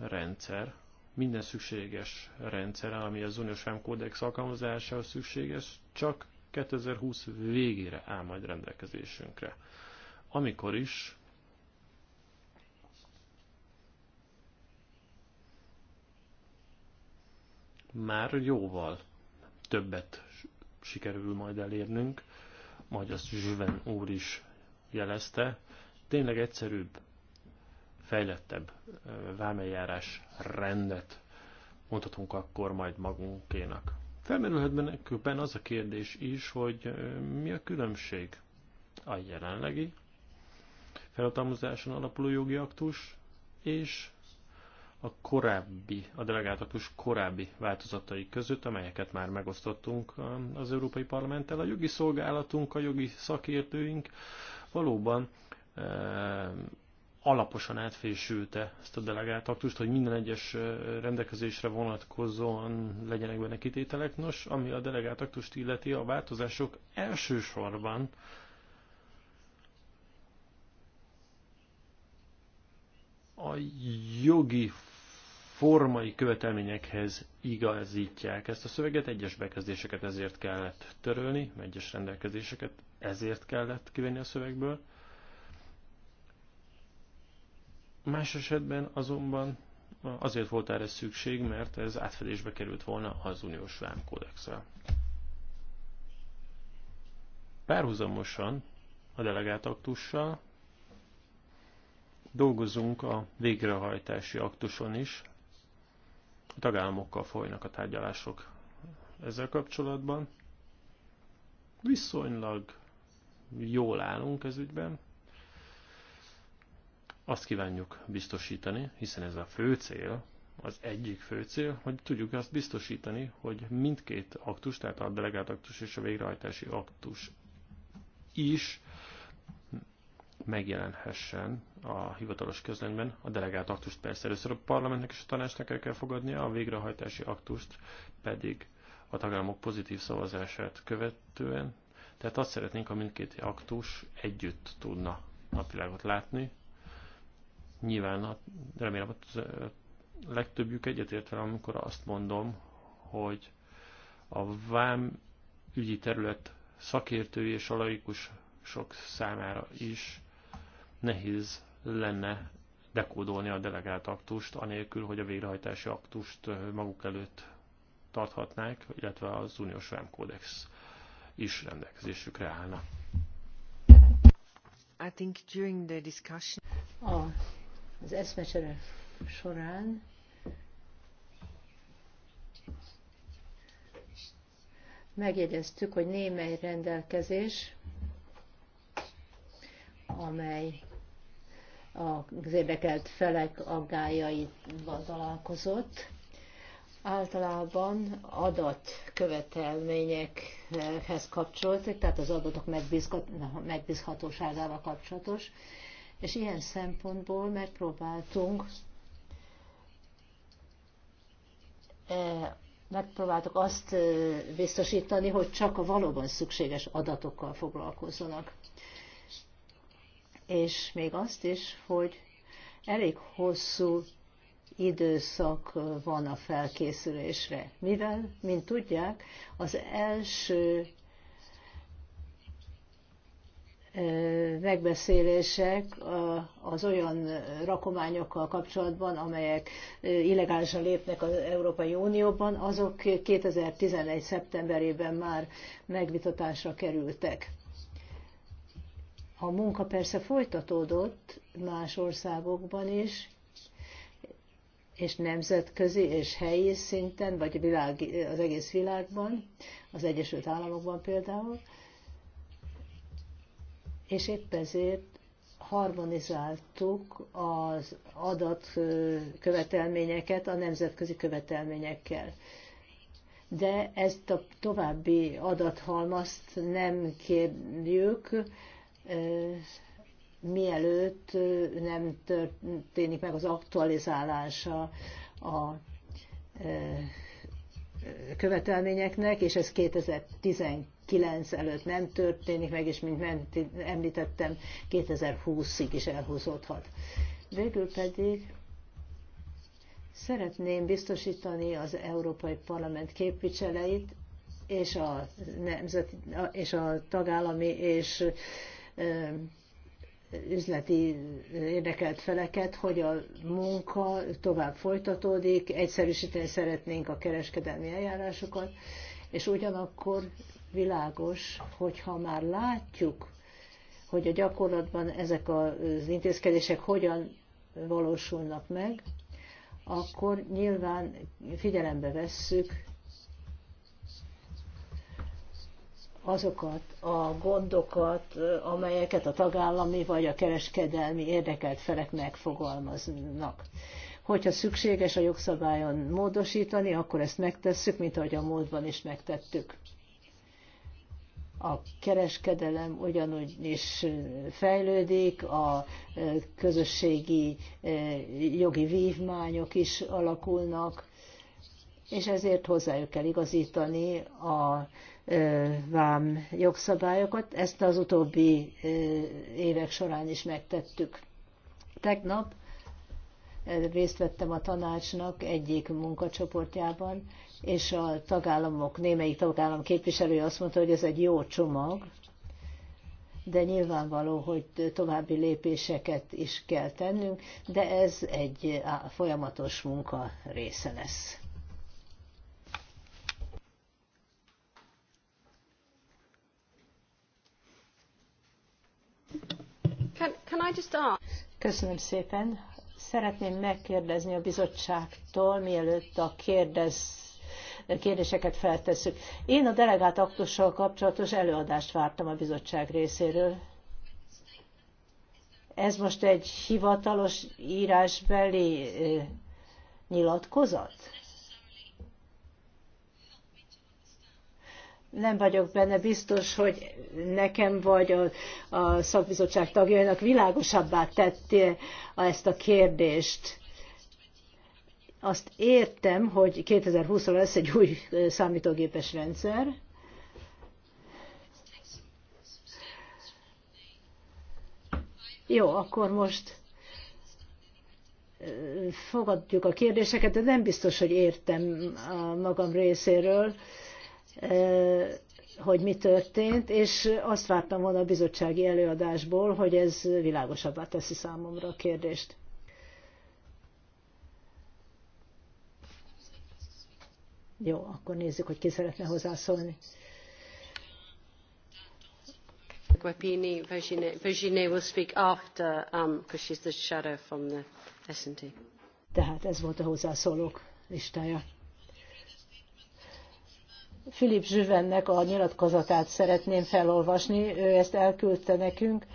rendszer, minden szükséges rendszer, ami az uniós kódex alkalmazásához szükséges, csak 2020 végére áll majd rendelkezésünkre amikor is már jóval többet sikerül majd elérnünk, majd azt Zsüven úr is jelezte, tényleg egyszerűbb, fejlettebb vámeljárás rendet mondhatunk akkor majd magunkénak. Felmerülhet benne az a kérdés is, hogy mi a különbség a jelenlegi felhatalmazáson alapuló jogi aktus, és a korábbi, a delegált korábbi változatai között, amelyeket már megosztottunk um, az Európai Parlamenttel. A jogi szolgálatunk, a jogi szakértőink valóban e, alaposan átfésülte ezt a delegált hogy minden egyes uh, rendelkezésre vonatkozóan legyenek benne kitételek. Nos, ami a delegált illeti, a változások elsősorban a jogi formai követelményekhez igazítják ezt a szöveget, egyes bekezdéseket ezért kellett törölni, egyes rendelkezéseket ezért kellett kivenni a szövegből. Más esetben azonban azért volt erre szükség, mert ez átfedésbe került volna az uniós vámkódexel. Párhuzamosan a delegátaktussal Dolgozunk a végrehajtási aktuson is. A tagállamokkal folynak a tárgyalások ezzel kapcsolatban. Viszonylag jól állunk ez ügyben. Azt kívánjuk biztosítani, hiszen ez a fő cél, az egyik fő cél, hogy tudjuk azt biztosítani, hogy mindkét aktus, tehát a delegált aktus és a végrehajtási aktus is megjelenhessen a hivatalos közlönyben. A delegált aktust persze először a parlamentnek és a tanácsnak el kell fogadnia, a végrehajtási aktust pedig a tagállamok pozitív szavazását követően. Tehát azt szeretnénk, ha mindkét aktus együtt tudna napvilágot látni. Nyilván remélem, hogy a legtöbbjük egyetért velem, amikor azt mondom, hogy a vám ügyi terület szakértői és a sok számára is nehéz lenne dekódolni a delegált aktust, anélkül, hogy a végrehajtási aktust maguk előtt tarthatnák, illetve az uniós vámkódex is rendelkezésükre állna. I think during the discussion... A, az eszmecsere során megjegyeztük, hogy némely rendelkezés amely az érdekelt felek aggájaival találkozott. Általában adatkövetelményekhez kapcsolódik, tehát az adatok megbízhatóságával kapcsolatos, és ilyen szempontból megpróbáltunk e, megpróbáltuk azt e, biztosítani, hogy csak a valóban szükséges adatokkal foglalkozzanak és még azt is, hogy elég hosszú időszak van a felkészülésre, mivel, mint tudják, az első megbeszélések az olyan rakományokkal kapcsolatban, amelyek illegálisan lépnek az Európai Unióban, azok 2011. szeptemberében már megvitatásra kerültek. A munka persze folytatódott más országokban is, és nemzetközi és helyi szinten, vagy világ, az egész világban, az Egyesült Államokban például, és épp ezért harmonizáltuk az adatkövetelményeket a nemzetközi követelményekkel. De ezt a további adathalmazt nem kérjük, mielőtt nem történik meg az aktualizálása a követelményeknek, és ez 2019 előtt nem történik meg, és mint említettem, 2020-ig is elhúzódhat. Végül pedig szeretném biztosítani az Európai Parlament képviseleit és a, nemzet, és a tagállami és üzleti érdekelt feleket, hogy a munka tovább folytatódik, egyszerűsíteni szeretnénk a kereskedelmi eljárásokat, és ugyanakkor világos, hogyha már látjuk, hogy a gyakorlatban ezek az intézkedések hogyan valósulnak meg, akkor nyilván figyelembe vesszük azokat a gondokat, amelyeket a tagállami vagy a kereskedelmi érdekelt felek megfogalmaznak. Hogyha szükséges a jogszabályon módosítani, akkor ezt megtesszük, mint ahogy a módban is megtettük. A kereskedelem ugyanúgy is fejlődik, a e, közösségi e, jogi vívmányok is alakulnak, és ezért hozzájuk kell igazítani a vám jogszabályokat. Ezt az utóbbi évek során is megtettük. Tegnap részt vettem a tanácsnak egyik munkacsoportjában, és a tagállamok, némelyik tagállam képviselője azt mondta, hogy ez egy jó csomag, de nyilvánvaló, hogy további lépéseket is kell tennünk, de ez egy folyamatos munka része lesz. Can, can I just ask? Köszönöm szépen. Szeretném megkérdezni a bizottságtól, mielőtt a kérdez kérdéseket feltesszük. Én a delegált aktussal kapcsolatos előadást vártam a bizottság részéről. Ez most egy hivatalos írásbeli eh, nyilatkozat? nem vagyok benne biztos, hogy nekem vagy a, a szakbizottság tagjainak világosabbá tette ezt a kérdést. Azt értem, hogy 2020-ra lesz egy új számítógépes rendszer, Jó, akkor most fogadjuk a kérdéseket, de nem biztos, hogy értem a magam részéről, hogy mi történt, és azt vártam volna a bizottsági előadásból, hogy ez világosabbá teszi számomra a kérdést. Jó, akkor nézzük, hogy ki szeretne hozzászólni. Guapini, Virginie, will speak after, because um, she's the shadow from the S&T. Tehát ez volt a hozzászólók listája. Philip Zsüvennek a nyilatkozatát szeretném felolvasni, ő ezt elküldte nekünk,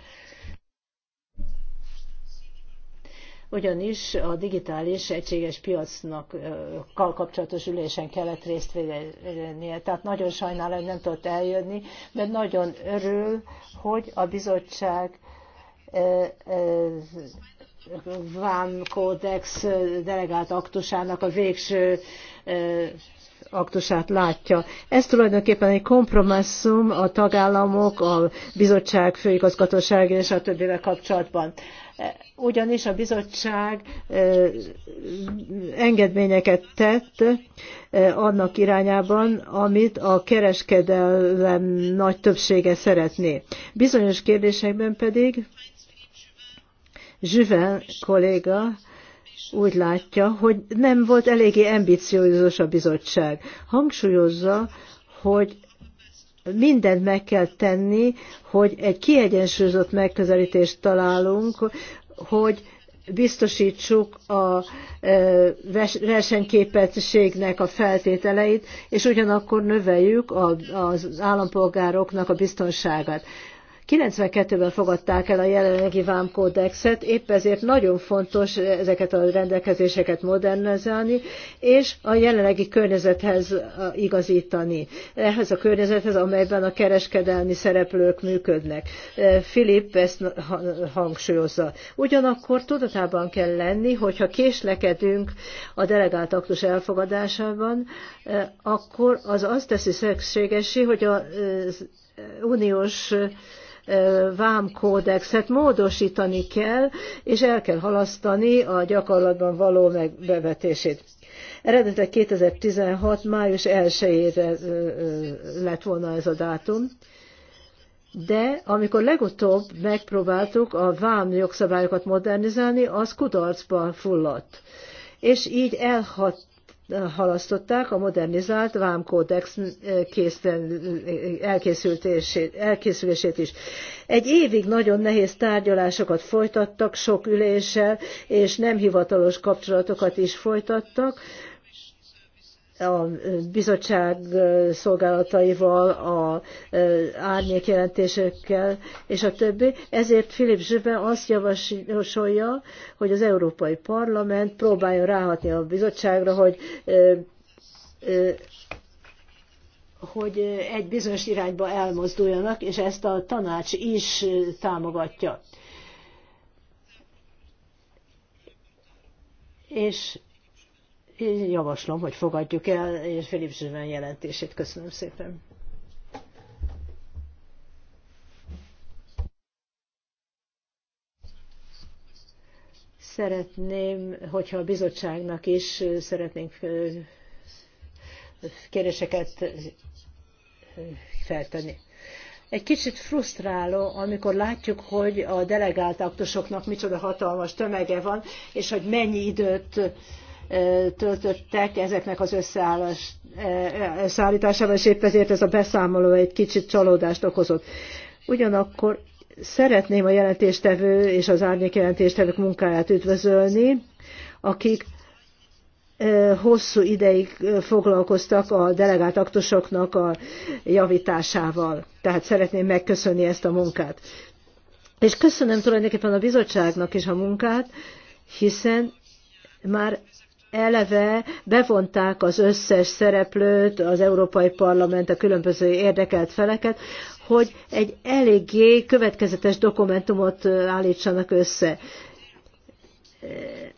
ugyanis a digitális egységes piacnak kapcsolatos ülésen kellett részt vennie. Tehát nagyon sajnálom, hogy nem tudott eljönni, mert nagyon örül, hogy a bizottság eh, eh, vámkódex delegált aktusának a végső eh, aktusát látja. Ez tulajdonképpen egy kompromisszum a tagállamok, a bizottság, főigazgatóság és a többivel kapcsolatban. Ugyanis a bizottság engedményeket tett annak irányában, amit a kereskedelem nagy többsége szeretné. Bizonyos kérdésekben pedig Zsüven kolléga úgy látja, hogy nem volt eléggé ambiciózus a bizottság. Hangsúlyozza, hogy mindent meg kell tenni, hogy egy kiegyensúlyozott megközelítést találunk, hogy biztosítsuk a e, versenyképességnek a feltételeit, és ugyanakkor növeljük az állampolgároknak a biztonságát. 92-ben fogadták el a jelenlegi vámkódexet, épp ezért nagyon fontos ezeket a rendelkezéseket modernizálni, és a jelenlegi környezethez igazítani. Ehhez a környezethez, amelyben a kereskedelmi szereplők működnek. E, Filip ezt hangsúlyozza. Ugyanakkor tudatában kell lenni, hogyha késlekedünk a delegált aktus elfogadásában, e, akkor az azt teszi szükségesé, hogy az e, uniós vámkódexet módosítani kell, és el kell halasztani a gyakorlatban való megbevetését. Eredetileg 2016. május 1-ére lett volna ez a dátum, de amikor legutóbb megpróbáltuk a vám jogszabályokat modernizálni, az kudarcba fulladt. És így elhat, halasztották a modernizált vámkódex eh, eh, elkészülését is. Egy évig nagyon nehéz tárgyalásokat folytattak, sok üléssel, és nem hivatalos kapcsolatokat is folytattak, a bizottság szolgálataival, a árnyék jelentésekkel, és a többi. Ezért Philip Zsüben azt javasolja, hogy az Európai Parlament próbáljon ráhatni a bizottságra, hogy hogy egy bizonyos irányba elmozduljanak, és ezt a tanács is támogatja. És javaslom, hogy fogadjuk el és Filip Zsüven jelentését. Köszönöm szépen. Szeretném, hogyha a bizottságnak is szeretnénk kérdéseket feltenni. Egy kicsit frusztráló, amikor látjuk, hogy a delegált aktusoknak micsoda hatalmas tömege van, és hogy mennyi időt töltöttek ezeknek az szállításával, és épp ezért ez a beszámoló egy kicsit csalódást okozott. Ugyanakkor szeretném a jelentéstevő és az árnyék jelentéstevők munkáját üdvözölni, akik hosszú ideig foglalkoztak a delegált aktusoknak a javításával. Tehát szeretném megköszönni ezt a munkát. És köszönöm tulajdonképpen a bizottságnak is a munkát, hiszen már eleve bevonták az összes szereplőt, az Európai Parlament, a különböző érdekelt feleket, hogy egy eléggé következetes dokumentumot állítsanak össze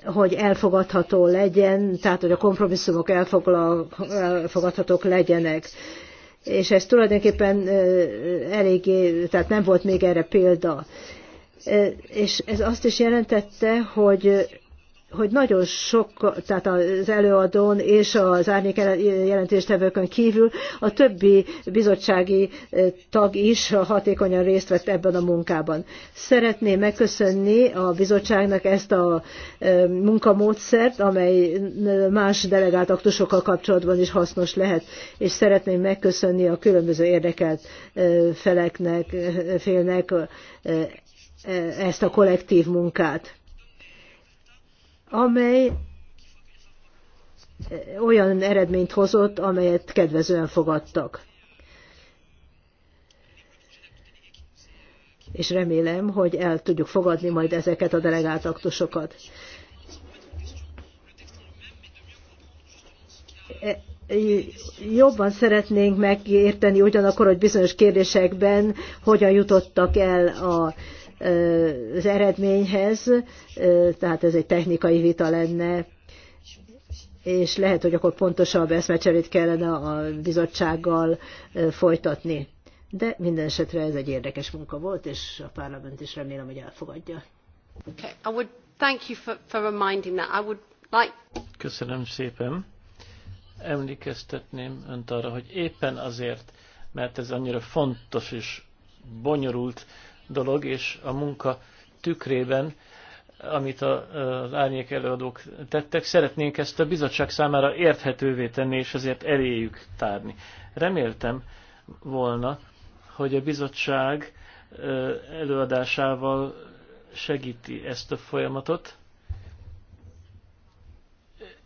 hogy elfogadható legyen, tehát hogy a kompromisszumok elfogadhatók legyenek. És ez tulajdonképpen eléggé, tehát nem volt még erre példa. És ez azt is jelentette, hogy hogy nagyon sok, tehát az előadón és az árnyék jelentéstevőkön kívül a többi bizottsági eh, tag is hatékonyan részt vett ebben a munkában. Szeretném megköszönni a bizottságnak ezt a eh, munkamódszert, amely eh, más delegált aktusokkal kapcsolatban is hasznos lehet, és szeretném megköszönni a különböző érdekelt feleknek, félnek ezt a kollektív munkát amely eh, olyan eredményt hozott, amelyet kedvezően fogadtak. És remélem, hogy el tudjuk fogadni majd ezeket a delegált aktusokat. E, jobban szeretnénk megérteni ugyanakkor, hogy bizonyos kérdésekben hogyan jutottak el a az eredményhez, tehát ez egy technikai vita lenne, és lehet, hogy akkor pontosabb eszmecserét kellene a bizottsággal folytatni. De minden esetre ez egy érdekes munka volt, és a parlament is remélem, hogy elfogadja. Köszönöm szépen. Emlékeztetném önt arra, hogy éppen azért, mert ez annyira fontos és bonyolult dolog, és a munka tükrében, amit az árnyék előadók tettek, szeretnénk ezt a bizottság számára érthetővé tenni, és ezért eléjük tárni. Reméltem volna, hogy a bizottság előadásával segíti ezt a folyamatot.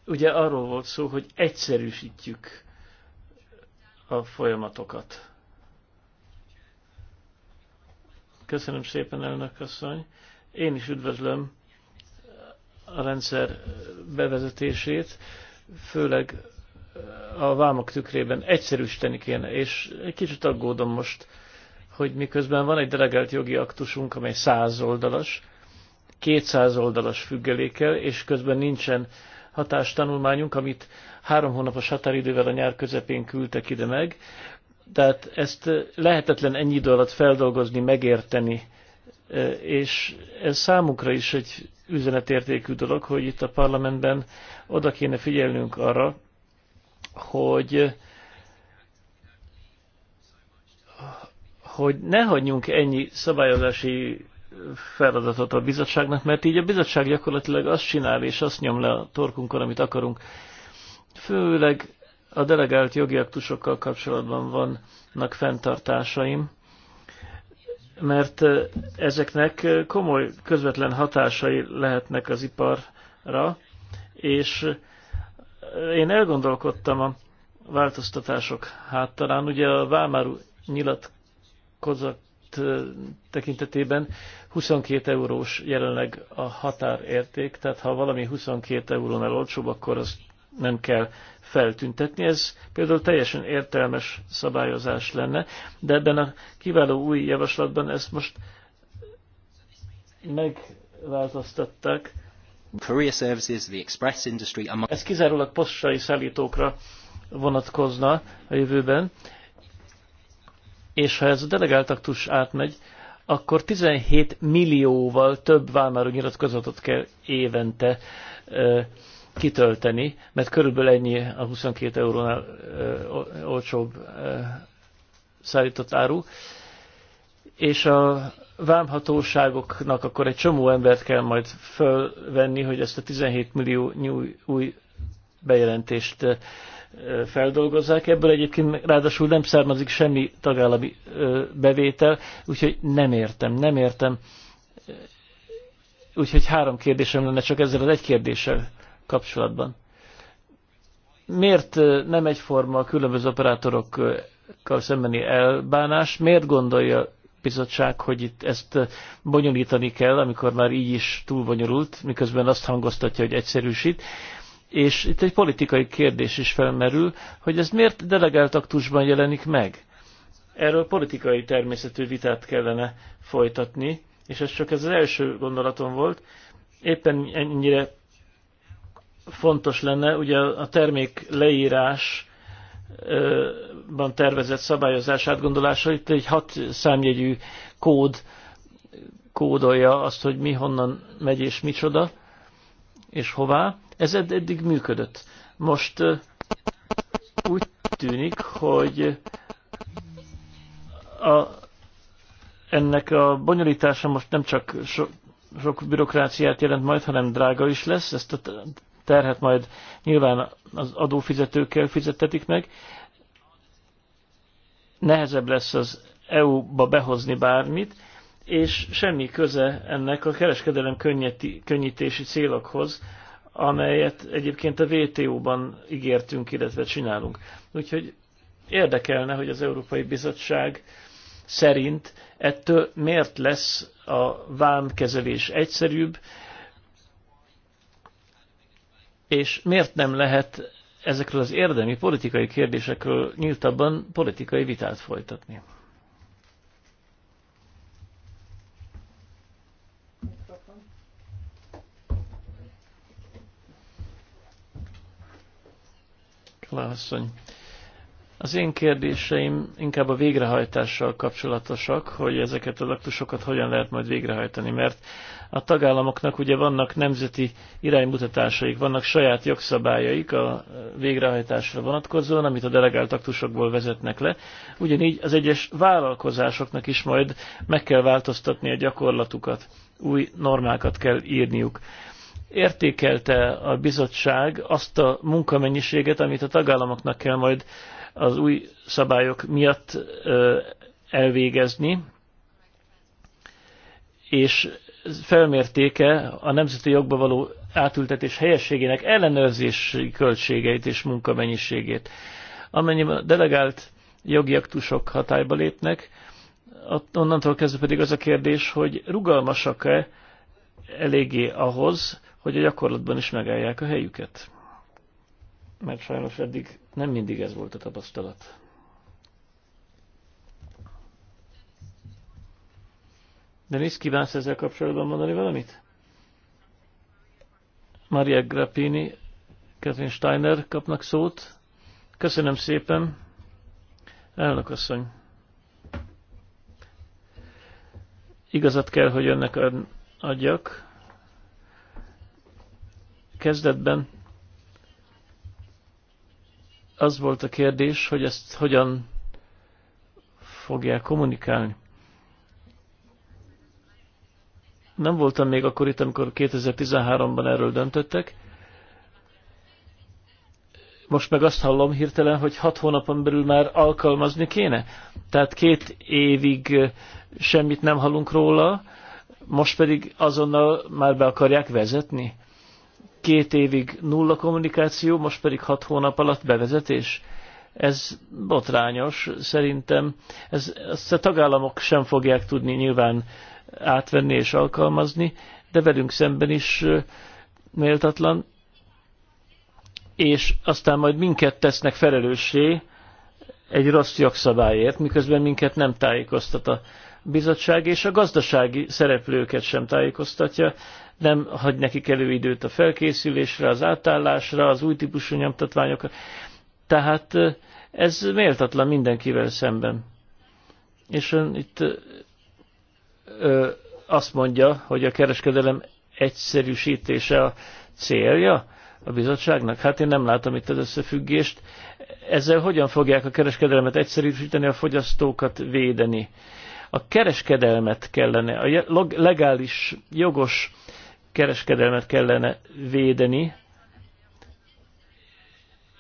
Ugye arról volt szó, hogy egyszerűsítjük a folyamatokat. Köszönöm szépen, elnök asszony. Én is üdvözlöm a rendszer bevezetését, főleg a vámok tükrében egyszerűsíteni kéne, és egy kicsit aggódom most, hogy miközben van egy delegált jogi aktusunk, amely 100 oldalas, 200 oldalas függelékkel, és közben nincsen hatástanulmányunk, amit három hónapos határidővel a nyár közepén küldtek ide meg. Tehát ezt eh, lehetetlen ennyi idő alatt feldolgozni, megérteni, eh, és ez számukra is egy üzenetértékű dolog, hogy itt a parlamentben oda kéne figyelnünk arra, hogy hogy ne hagyjunk ennyi szabályozási feladatot a bizottságnak, mert így a bizottság gyakorlatilag azt csinál, és azt nyom le a torkunkon, amit akarunk. Főleg a delegált jogi aktusokkal kapcsolatban vannak fenntartásaim, mert ezeknek komoly közvetlen hatásai lehetnek az iparra, és én elgondolkodtam a változtatások háttalán. Ugye a Vámáru nyilatkozat tekintetében 22 eurós jelenleg a határérték, tehát ha valami 22 eurónál olcsóbb, akkor azt nem kell feltüntetni. Ez például teljesen értelmes szabályozás lenne, de ebben a kiváló új javaslatban ezt most megváltoztatták. Career services, the express industry, ez kizárólag postai szállítókra vonatkozna a jövőben, és ha ez a delegáltaktus átmegy, akkor 17 millióval több vámára nyilatkozatot kell évente kitölteni, mert körülbelül ennyi a 22 eurónál olcsóbb szállított áru, és a vámhatóságoknak akkor egy csomó embert kell majd fölvenni, hogy ezt a 17 millió új, új bejelentést feldolgozzák. Ebből egyébként ráadásul nem származik semmi tagállami bevétel, úgyhogy nem értem, nem értem. Úgyhogy három kérdésem lenne csak ezzel az egy kérdéssel kapcsolatban. Miért nem egyforma a különböző operátorokkal szembeni elbánás? Miért gondolja a bizottság, hogy itt ezt bonyolítani kell, amikor már így is túl bonyolult, miközben azt hangoztatja, hogy egyszerűsít? És itt egy politikai kérdés is felmerül, hogy ez miért delegált aktusban jelenik meg? Erről politikai természetű vitát kellene folytatni, és ez csak ez az első gondolatom volt. Éppen ennyire fontos lenne, ugye a termék leírásban tervezett szabályozás átgondolása, itt egy hat számjegyű kód kódolja azt, hogy mi honnan megy és micsoda, és hová. Ez eddig működött. Most úgy tűnik, hogy a, ennek a bonyolítása most nem csak so, sok bürokráciát jelent majd, hanem drága is lesz, ezt a terhet majd nyilván az adófizetőkkel fizetetik meg. Nehezebb lesz az EU-ba behozni bármit, és semmi köze ennek a kereskedelem könnyeti, könnyítési célokhoz, amelyet egyébként a WTO-ban ígértünk, illetve csinálunk. Úgyhogy érdekelne, hogy az Európai Bizottság szerint ettől miért lesz a vámkezelés egyszerűbb, és miért nem lehet ezekről az érdemi politikai kérdésekről nyíltabban politikai vitát folytatni? Klászony. Az én kérdéseim inkább a végrehajtással kapcsolatosak, hogy ezeket az aktusokat hogyan lehet majd végrehajtani, mert a tagállamoknak ugye vannak nemzeti iránymutatásaik, vannak saját jogszabályaik a végrehajtásra vonatkozóan, amit a delegált aktusokból vezetnek le. Ugyanígy az egyes vállalkozásoknak is majd meg kell változtatni a gyakorlatukat, új normákat kell írniuk értékelte a bizottság azt a munkamennyiséget, amit a tagállamoknak kell majd az új szabályok miatt elvégezni, és felmértéke a nemzeti jogba való átültetés helyességének ellenőrzési költségeit és munkamennyiségét. Amennyiben a delegált jogi aktusok hatályba lépnek, onnantól kezdve pedig az a kérdés, hogy rugalmasak-e eléggé ahhoz, hogy a gyakorlatban is megállják a helyüket. Mert sajnos eddig nem mindig ez volt a tapasztalat. De Lisz, kívánsz ezzel kapcsolatban mondani valamit? Maria Grappini, Kevin Steiner kapnak szót. Köszönöm szépen, elnök asszony. Igazat kell, hogy önnek adjak. Kezdetben az volt a kérdés, hogy ezt hogyan fogják kommunikálni. nem voltam még akkor itt, amikor 2013-ban erről döntöttek. Most meg azt hallom hirtelen, hogy hat hónapon belül már alkalmazni kéne. Tehát két évig semmit nem hallunk róla, most pedig azonnal már be akarják vezetni. Két évig nulla kommunikáció, most pedig hat hónap alatt bevezetés ez botrányos, szerintem ez, ezt a tagállamok sem fogják tudni nyilván átvenni és alkalmazni, de velünk szemben is méltatlan, és aztán majd minket tesznek felelőssé egy rossz jogszabályért, miközben minket nem tájékoztat a bizottság, és a gazdasági szereplőket sem tájékoztatja, nem hagy nekik elő időt a felkészülésre, az átállásra, az új típusú nyomtatványokra. Tehát ez méltatlan mindenkivel szemben. És ön itt azt mondja, hogy a kereskedelem egyszerűsítése a célja a bizottságnak? Hát én nem látom itt az összefüggést. Ezzel hogyan fogják a kereskedelmet egyszerűsíteni, a fogyasztókat védeni? A kereskedelmet kellene, a legális, jogos kereskedelmet kellene védeni,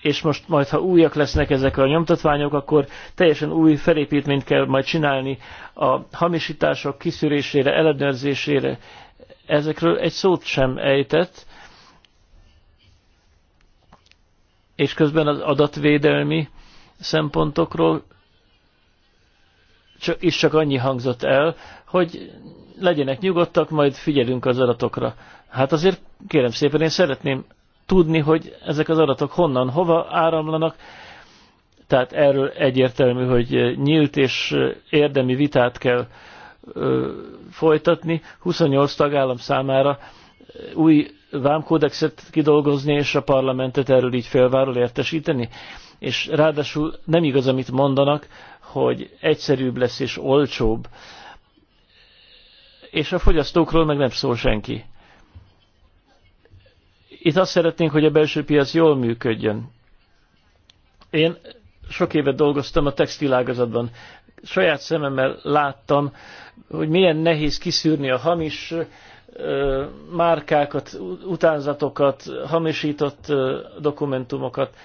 és most majd, ha újak lesznek ezek a nyomtatványok, akkor teljesen új felépítményt kell majd csinálni a hamisítások kiszűrésére, ellenőrzésére. Ezekről egy szót sem ejtett, és közben az adatvédelmi szempontokról is csak annyi hangzott el, hogy legyenek nyugodtak, majd figyelünk az adatokra. Hát azért kérem szépen, én szeretném tudni, hogy ezek az adatok honnan, hova áramlanak. Tehát erről egyértelmű, hogy eh, nyílt és eh, érdemi vitát kell ö, eh, folytatni. 28 tagállam számára új vámkódexet kidolgozni, és a parlamentet erről így félváról értesíteni. És ráadásul nem igaz, amit mondanak, hogy egyszerűbb lesz és olcsóbb. És a fogyasztókról meg nem szól senki. Itt azt szeretnénk, hogy a belső piac jól működjön. Én sok évet dolgoztam a textilágazatban. Saját szememmel láttam, hogy milyen nehéz kiszűrni a hamis márkákat, utánzatokat, hamisított dokumentumokat.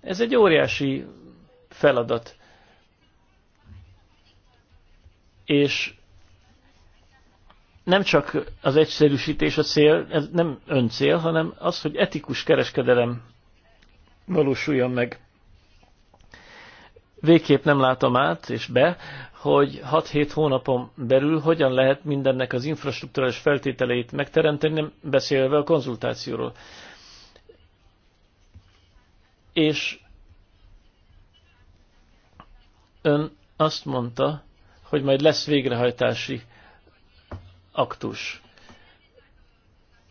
Ez egy óriási feladat. És nem csak az egyszerűsítés a cél, ez nem öncél, hanem az, hogy etikus kereskedelem valósuljon meg. Végképp nem látom át és be, hogy 6-7 hónapon belül hogyan lehet mindennek az infrastruktúrális feltételeit megteremteni, nem beszélve a konzultációról. És ön azt mondta, hogy majd lesz végrehajtási aktus.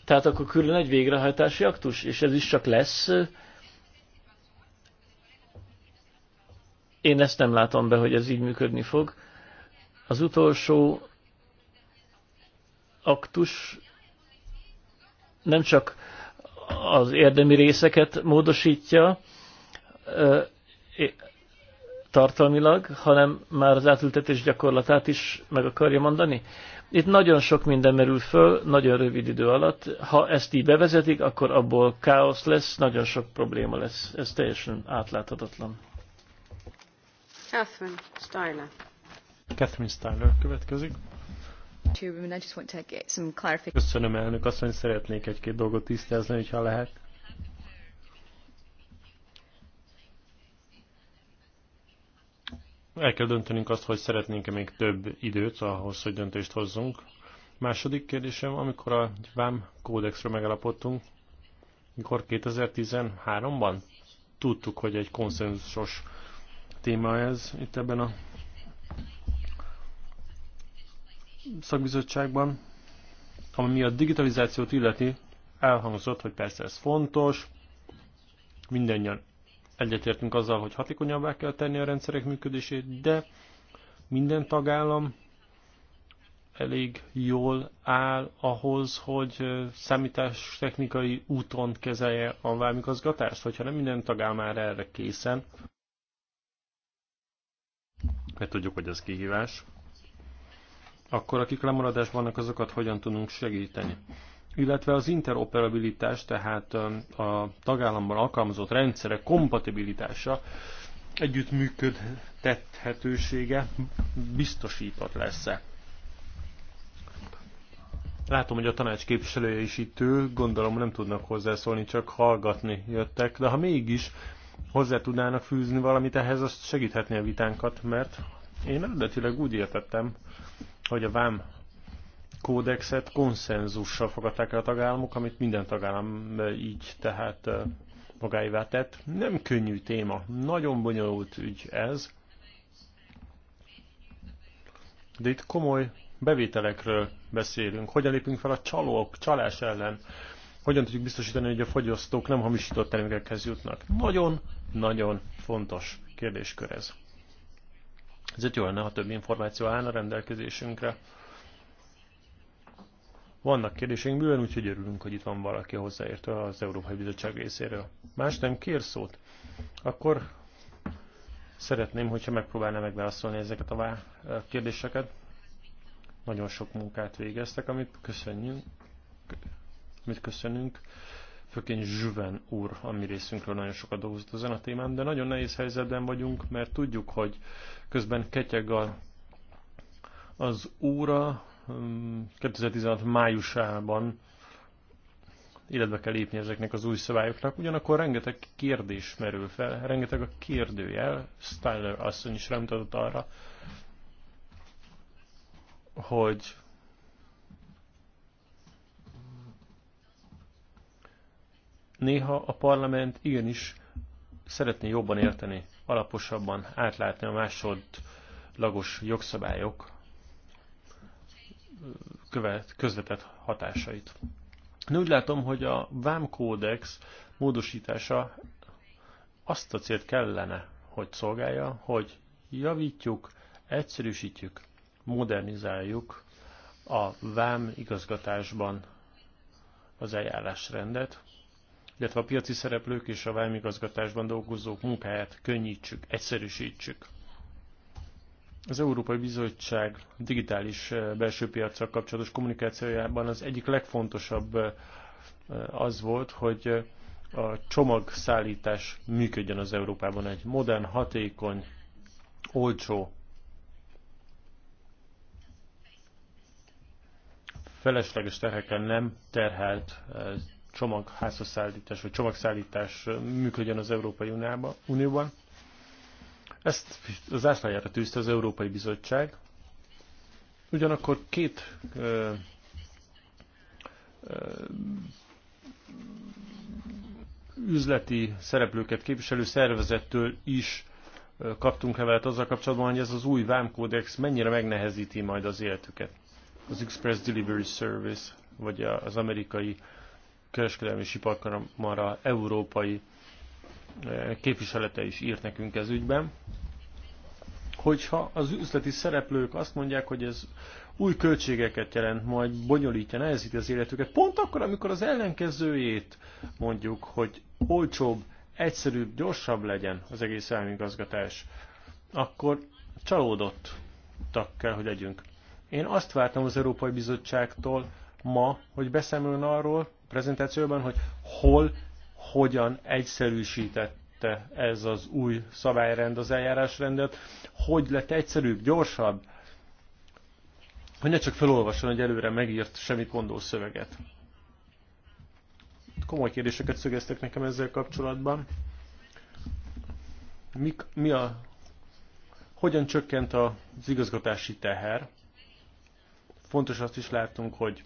Tehát akkor külön egy végrehajtási aktus, és ez is csak lesz. Én ezt nem látom be, hogy ez így működni fog. Az utolsó aktus nem csak az érdemi részeket módosítja, tartalmilag, hanem már az átültetés gyakorlatát is meg akarja mondani. Itt nagyon sok minden merül föl, nagyon rövid idő alatt. Ha ezt így bevezetik, akkor abból káosz lesz, nagyon sok probléma lesz. Ez teljesen átláthatatlan. Catherine Styler. Catherine Styler következik. Köszönöm elnök, azt mondja, szeretnék egy-két dolgot tisztázni, hogyha lehet. El kell döntenünk azt, hogy szeretnénk-e még több időt ahhoz, hogy döntést hozzunk. Második kérdésem, amikor a VAM kódexről megállapodtunk, mikor 2013-ban tudtuk, hogy egy konszenzusos téma ez itt ebben a szakbizottságban. Ami a digitalizációt illeti, elhangzott, hogy persze ez fontos, mindannyian Egyetértünk azzal, hogy hatékonyabbá kell tenni a rendszerek működését, de minden tagállam elég jól áll ahhoz, hogy számítástechnikai úton kezelje a vámigazgatást, hogyha nem minden tagállam már erre készen. Mert tudjuk, hogy ez kihívás. Akkor akik lemaradásban vannak, azokat hogyan tudunk segíteni? illetve az interoperabilitás, tehát um, a tagállamban alkalmazott rendszerek kompatibilitása, együttműködhetősége biztosított lesz-e. Látom, hogy a tanács képviselője is itt ül, gondolom nem tudnak hozzászólni, csak hallgatni jöttek, de ha mégis hozzá tudnának fűzni valamit ehhez, azt segíthetné a vitánkat, mert én eredetileg úgy értettem, hogy a vám kódexet konszenzussal fogadták el a tagállamok, amit minden tagállam így tehát magáévá tett. Nem könnyű téma, nagyon bonyolult ügy ez, de itt komoly bevételekről beszélünk. Hogyan lépünk fel a csalók, csalás ellen? Hogyan tudjuk biztosítani, hogy a fogyasztók nem hamisított termékekhez jutnak? Nagyon-nagyon fontos kérdéskör ez. Ezért jó lenne, ha több információ állna rendelkezésünkre. Vannak kérdéseink bőven, úgyhogy örülünk, hogy itt van valaki hozzáértő az Európai Bizottság részéről. Más nem kér szót? Akkor szeretném, hogyha megpróbálná megválaszolni ezeket a kérdéseket. Nagyon sok munkát végeztek, amit köszönjünk, Amit köszönünk. Főként Zsüven úr, ami részünkről nagyon sokat dolgozott ezen a témán, de nagyon nehéz helyzetben vagyunk, mert tudjuk, hogy közben ketyeg a, az óra, 2016 májusában életbe kell lépni ezeknek az új szabályoknak. Ugyanakkor rengeteg kérdés merül fel, rengeteg a kérdőjel. Steiner asszony is remutatott arra, hogy néha a parlament igenis szeretné jobban érteni, alaposabban átlátni a másodlagos jogszabályok követ, közvetett hatásait. Én úgy látom, hogy a vámkódex módosítása azt a célt kellene, hogy szolgálja, hogy javítjuk, egyszerűsítjük, modernizáljuk a vám igazgatásban az eljárásrendet, illetve a piaci szereplők és a vámigazgatásban dolgozók munkáját könnyítsük, egyszerűsítsük. Az Európai Bizottság digitális belső piacra kapcsolatos kommunikációjában az egyik legfontosabb az volt, hogy a csomagszállítás működjön az Európában. Egy modern, hatékony, olcsó, felesleges terheken nem terhelt csomagházhoz vagy csomagszállítás működjön az Európai Unióban. Ezt az zászlájára tűzte az Európai Bizottság. Ugyanakkor két ö, ö, üzleti szereplőket képviselő szervezettől is kaptunk levelet azzal kapcsolatban, hogy ez az új vámkódex mennyire megnehezíti majd az életüket. Az Express Delivery Service, vagy az amerikai kereskedelmi siparkamara európai képviselete is írt nekünk ez ügyben, hogyha az üzleti szereplők azt mondják, hogy ez új költségeket jelent, majd bonyolítja, nehezíti az életüket, pont akkor, amikor az ellenkezőjét mondjuk, hogy olcsóbb, egyszerűbb, gyorsabb legyen az egész elmigazgatás, akkor csalódottak kell, hogy legyünk. Én azt vártam az Európai Bizottságtól ma, hogy beszámoljon arról prezentációban, hogy hol hogyan egyszerűsítette ez az új szabályrend az eljárásrendet, hogy lett egyszerűbb, gyorsabb, hogy ne csak felolvasson egy előre megírt, semmit gondol szöveget. Komoly kérdéseket szögeztek nekem ezzel kapcsolatban. Mi, mi a, hogyan csökkent az igazgatási teher? Fontos azt is látunk, hogy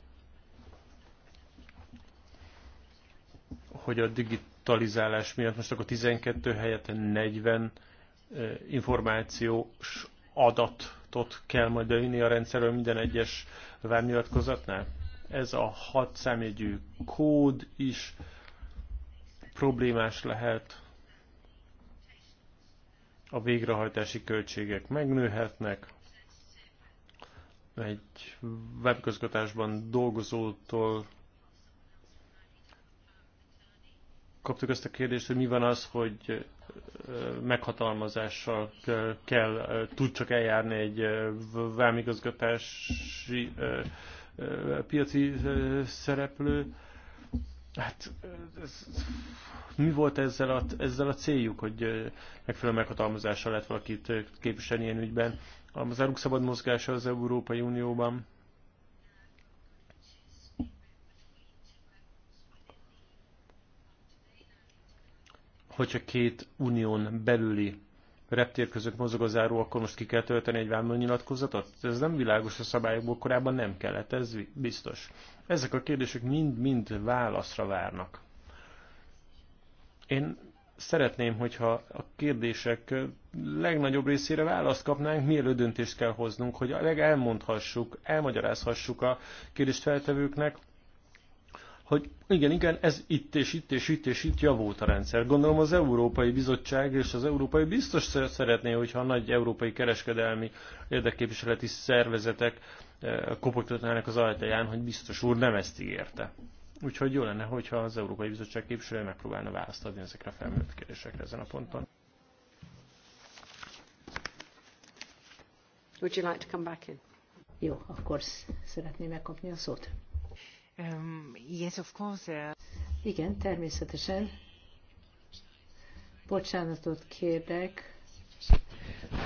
hogy a digitalizálás miatt most akkor 12 helyett 40 információs adatot kell majd bevinni a rendszerről minden egyes vámnyilatkozatnál? Ez a hat számjegyű kód is problémás lehet. A végrehajtási költségek megnőhetnek. Egy webközgatásban dolgozótól kaptuk ezt a kérdést, hogy mi van az, hogy meghatalmazással kell, tud csak eljárni egy vámigazgatási piaci szereplő. Hát ez, mi volt ezzel a, ezzel a céljuk, hogy megfelelő meghatalmazással lehet valakit képviselni ilyen ügyben? Az áruk szabad mozgása az Európai Unióban hogyha két unión belüli reptér között mozog az áru, akkor most ki kell tölteni egy vámlónyilatkozatot? Ez nem világos a szabályokból, korábban nem kellett, ez biztos. Ezek a kérdések mind-mind válaszra várnak. Én szeretném, hogyha a kérdések legnagyobb részére választ kapnánk, mielőtt döntést kell hoznunk, hogy a legelmondhassuk, elmagyarázhassuk a kérdést feltevőknek, hogy igen, igen, ez itt és itt és itt és itt javult a rendszer. Gondolom az Európai Bizottság és az Európai biztos szeretné, hogyha a nagy európai kereskedelmi érdekképviseleti szervezetek eh, kopogtatnának az ajtaján, hogy biztos úr nem ezt ígérte. Úgyhogy jó lenne, hogyha az Európai Bizottság képviselője megpróbálna választ adni ezekre a felmerült kérdésekre ezen a ponton. Would you like to come back in? Jó, akkor szeretném megkapni a szót. Um, yes, of course. Uh, Igen, természetesen. Bocsánatot kérek,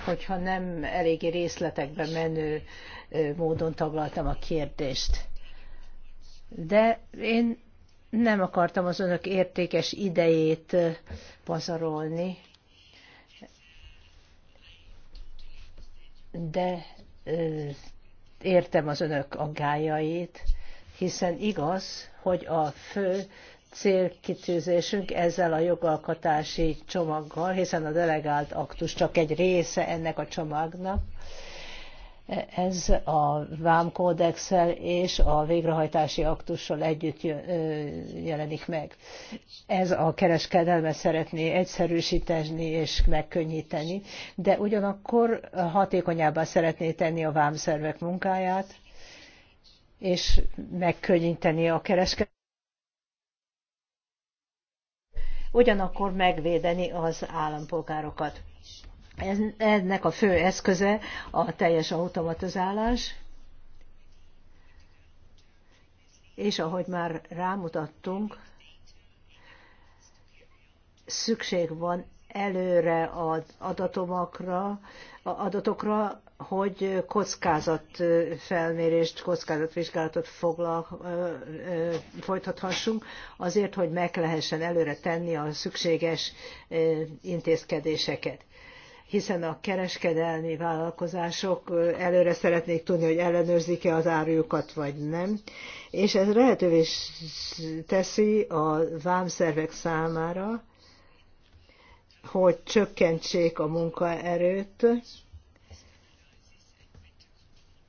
hogyha nem eléggé részletekbe menő módon taglaltam a kérdést. De én nem akartam az önök értékes idejét pazarolni, de értem az önök aggájait hiszen igaz, hogy a fő célkitűzésünk ezzel a jogalkotási csomaggal, hiszen a delegált aktus csak egy része ennek a csomagnak, ez a vámkódexel és a végrehajtási aktussal együtt jelenik meg. Ez a kereskedelmet szeretné egyszerűsíteni és megkönnyíteni, de ugyanakkor hatékonyabbá szeretné tenni a vámszervek munkáját, és megkönnyíteni a kereskedelmet. Ugyanakkor megvédeni az állampolgárokat. ennek a fő eszköze a teljes automatizálás, és ahogy már rámutattunk, szükség van előre az adatomakra, adatokra, hogy kockázatfelmérést, kockázatvizsgálatot foglal, folytathassunk, azért, hogy meg lehessen előre tenni a szükséges intézkedéseket hiszen a kereskedelmi vállalkozások előre szeretnék tudni, hogy ellenőrzik-e az árujukat, vagy nem. És ez lehetővé teszi a vámszervek számára, hogy csökkentsék a munkaerőt,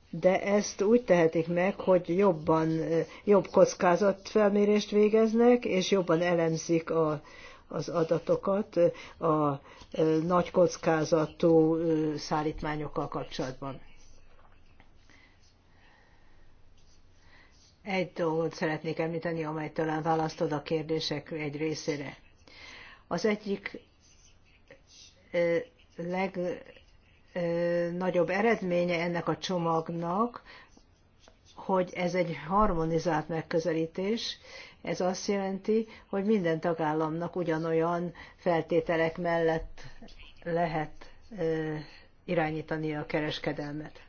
de ezt úgy tehetik meg, hogy jobban, jobb kockázatfelmérést végeznek, és jobban elemzik a, az adatokat a nagy kockázatú szállítmányokkal kapcsolatban. Egy dolgot szeretnék említeni, amely talán választod a kérdések egy részére. Az egyik legnagyobb eredménye ennek a csomagnak, hogy ez egy harmonizált megközelítés, ez azt jelenti, hogy minden tagállamnak ugyanolyan feltételek mellett lehet irányítani a kereskedelmet.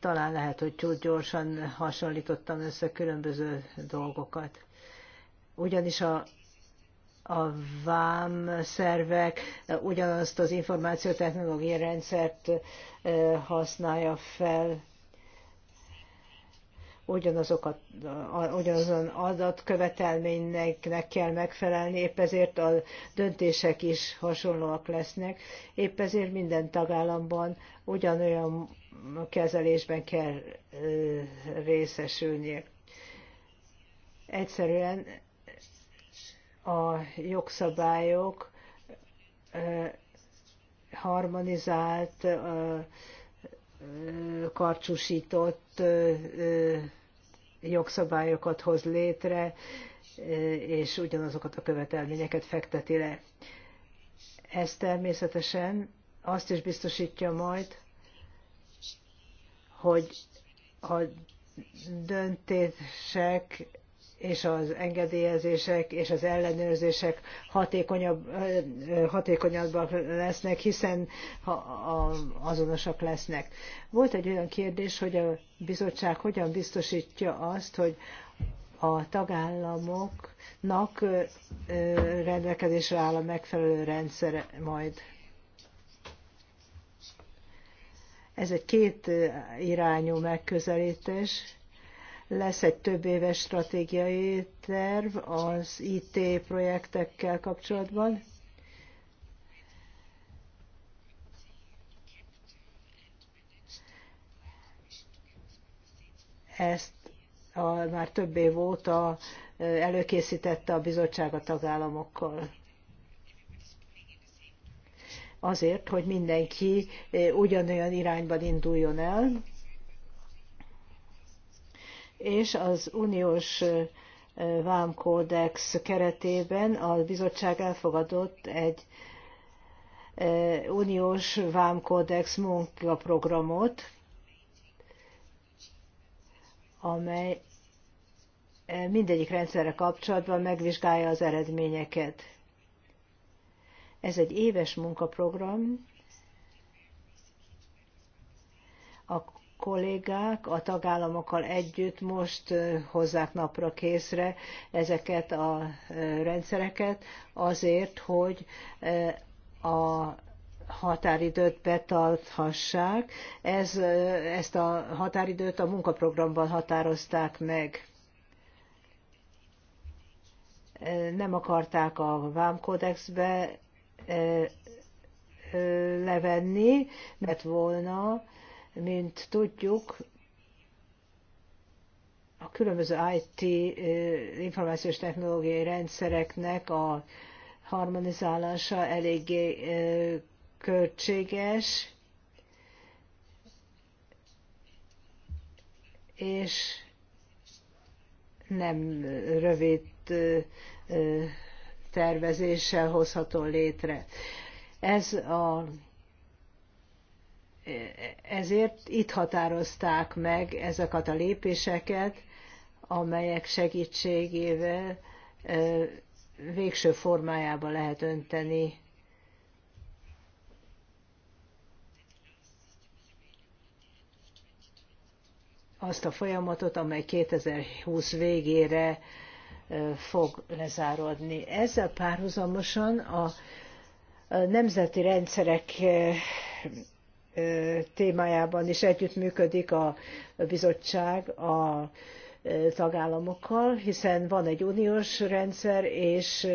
Talán lehet, hogy túl gyorsan hasonlítottam össze különböző dolgokat. Ugyanis a a vám szervek ugyanazt az információtechnológiai rendszert használja fel, ugyanazokat, ugyanazon adatkövetelménynek kell megfelelni, épp ezért a döntések is hasonlóak lesznek, épp ezért minden tagállamban ugyanolyan kezelésben kell részesülnie. Egyszerűen a jogszabályok harmonizált, karcsúsított jogszabályokat hoz létre, és ugyanazokat a követelményeket fekteti le. Ez természetesen azt is biztosítja majd, hogy a döntések és az engedélyezések és az ellenőrzések hatékonyabb, hatékonyabbak lesznek, hiszen azonosak lesznek. Volt egy olyan kérdés, hogy a bizottság hogyan biztosítja azt, hogy a tagállamoknak rendelkezésre áll a megfelelő rendszere majd. Ez egy két irányú megközelítés lesz egy több éves stratégiai terv az IT projektekkel kapcsolatban. Ezt a, már több év óta eh, előkészítette a bizottság a tagállamokkal azért, hogy mindenki eh, ugyanolyan irányban induljon el, és az uniós vámkódex keretében a bizottság elfogadott egy uniós vámkódex munkaprogramot, amely mindegyik rendszerre kapcsolatban megvizsgálja az eredményeket. Ez egy éves munkaprogram, a kollégák a tagállamokkal együtt most hozzák napra készre ezeket a rendszereket azért, hogy a határidőt betarthassák. Ez, ezt a határidőt a munkaprogramban határozták meg. Nem akarták a vámkódexbe levenni, mert volna mint tudjuk, a különböző IT információs technológiai rendszereknek a harmonizálása eléggé költséges, és nem rövid tervezéssel hozható létre. Ez a ezért itt határozták meg ezeket a lépéseket, amelyek segítségével végső formájába lehet önteni azt a folyamatot, amely 2020 végére fog lezárodni. Ezzel párhuzamosan a nemzeti rendszerek témájában is együttműködik a bizottság a tagállamokkal, hiszen van egy uniós rendszer és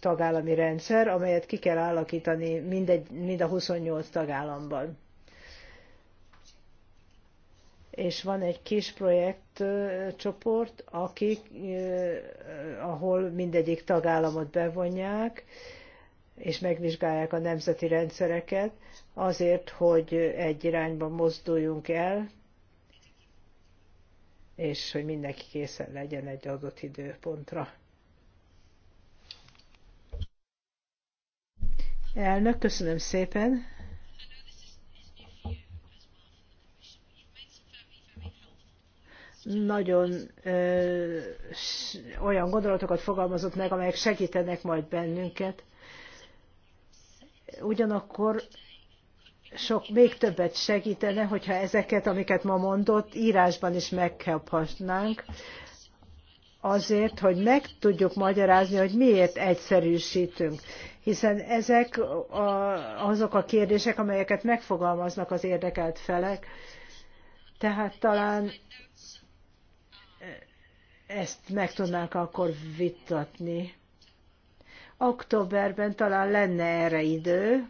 tagállami rendszer, amelyet ki kell alakítani mindegy, mind a 28 tagállamban. És van egy kis projektcsoport, akik, ahol mindegyik tagállamot bevonják, és megvizsgálják a nemzeti rendszereket azért, hogy egy irányba mozduljunk el, és hogy mindenki készen legyen egy adott időpontra. Elnök, köszönöm szépen. Nagyon ö, olyan gondolatokat fogalmazott meg, amelyek segítenek majd bennünket Ugyanakkor sok még többet segítene, hogyha ezeket, amiket ma mondott, írásban is megkaphatnánk, azért, hogy meg tudjuk magyarázni, hogy miért egyszerűsítünk. Hiszen ezek a, azok a kérdések, amelyeket megfogalmaznak az érdekelt felek, tehát talán ezt meg tudnánk akkor vitatni. Októberben talán lenne erre idő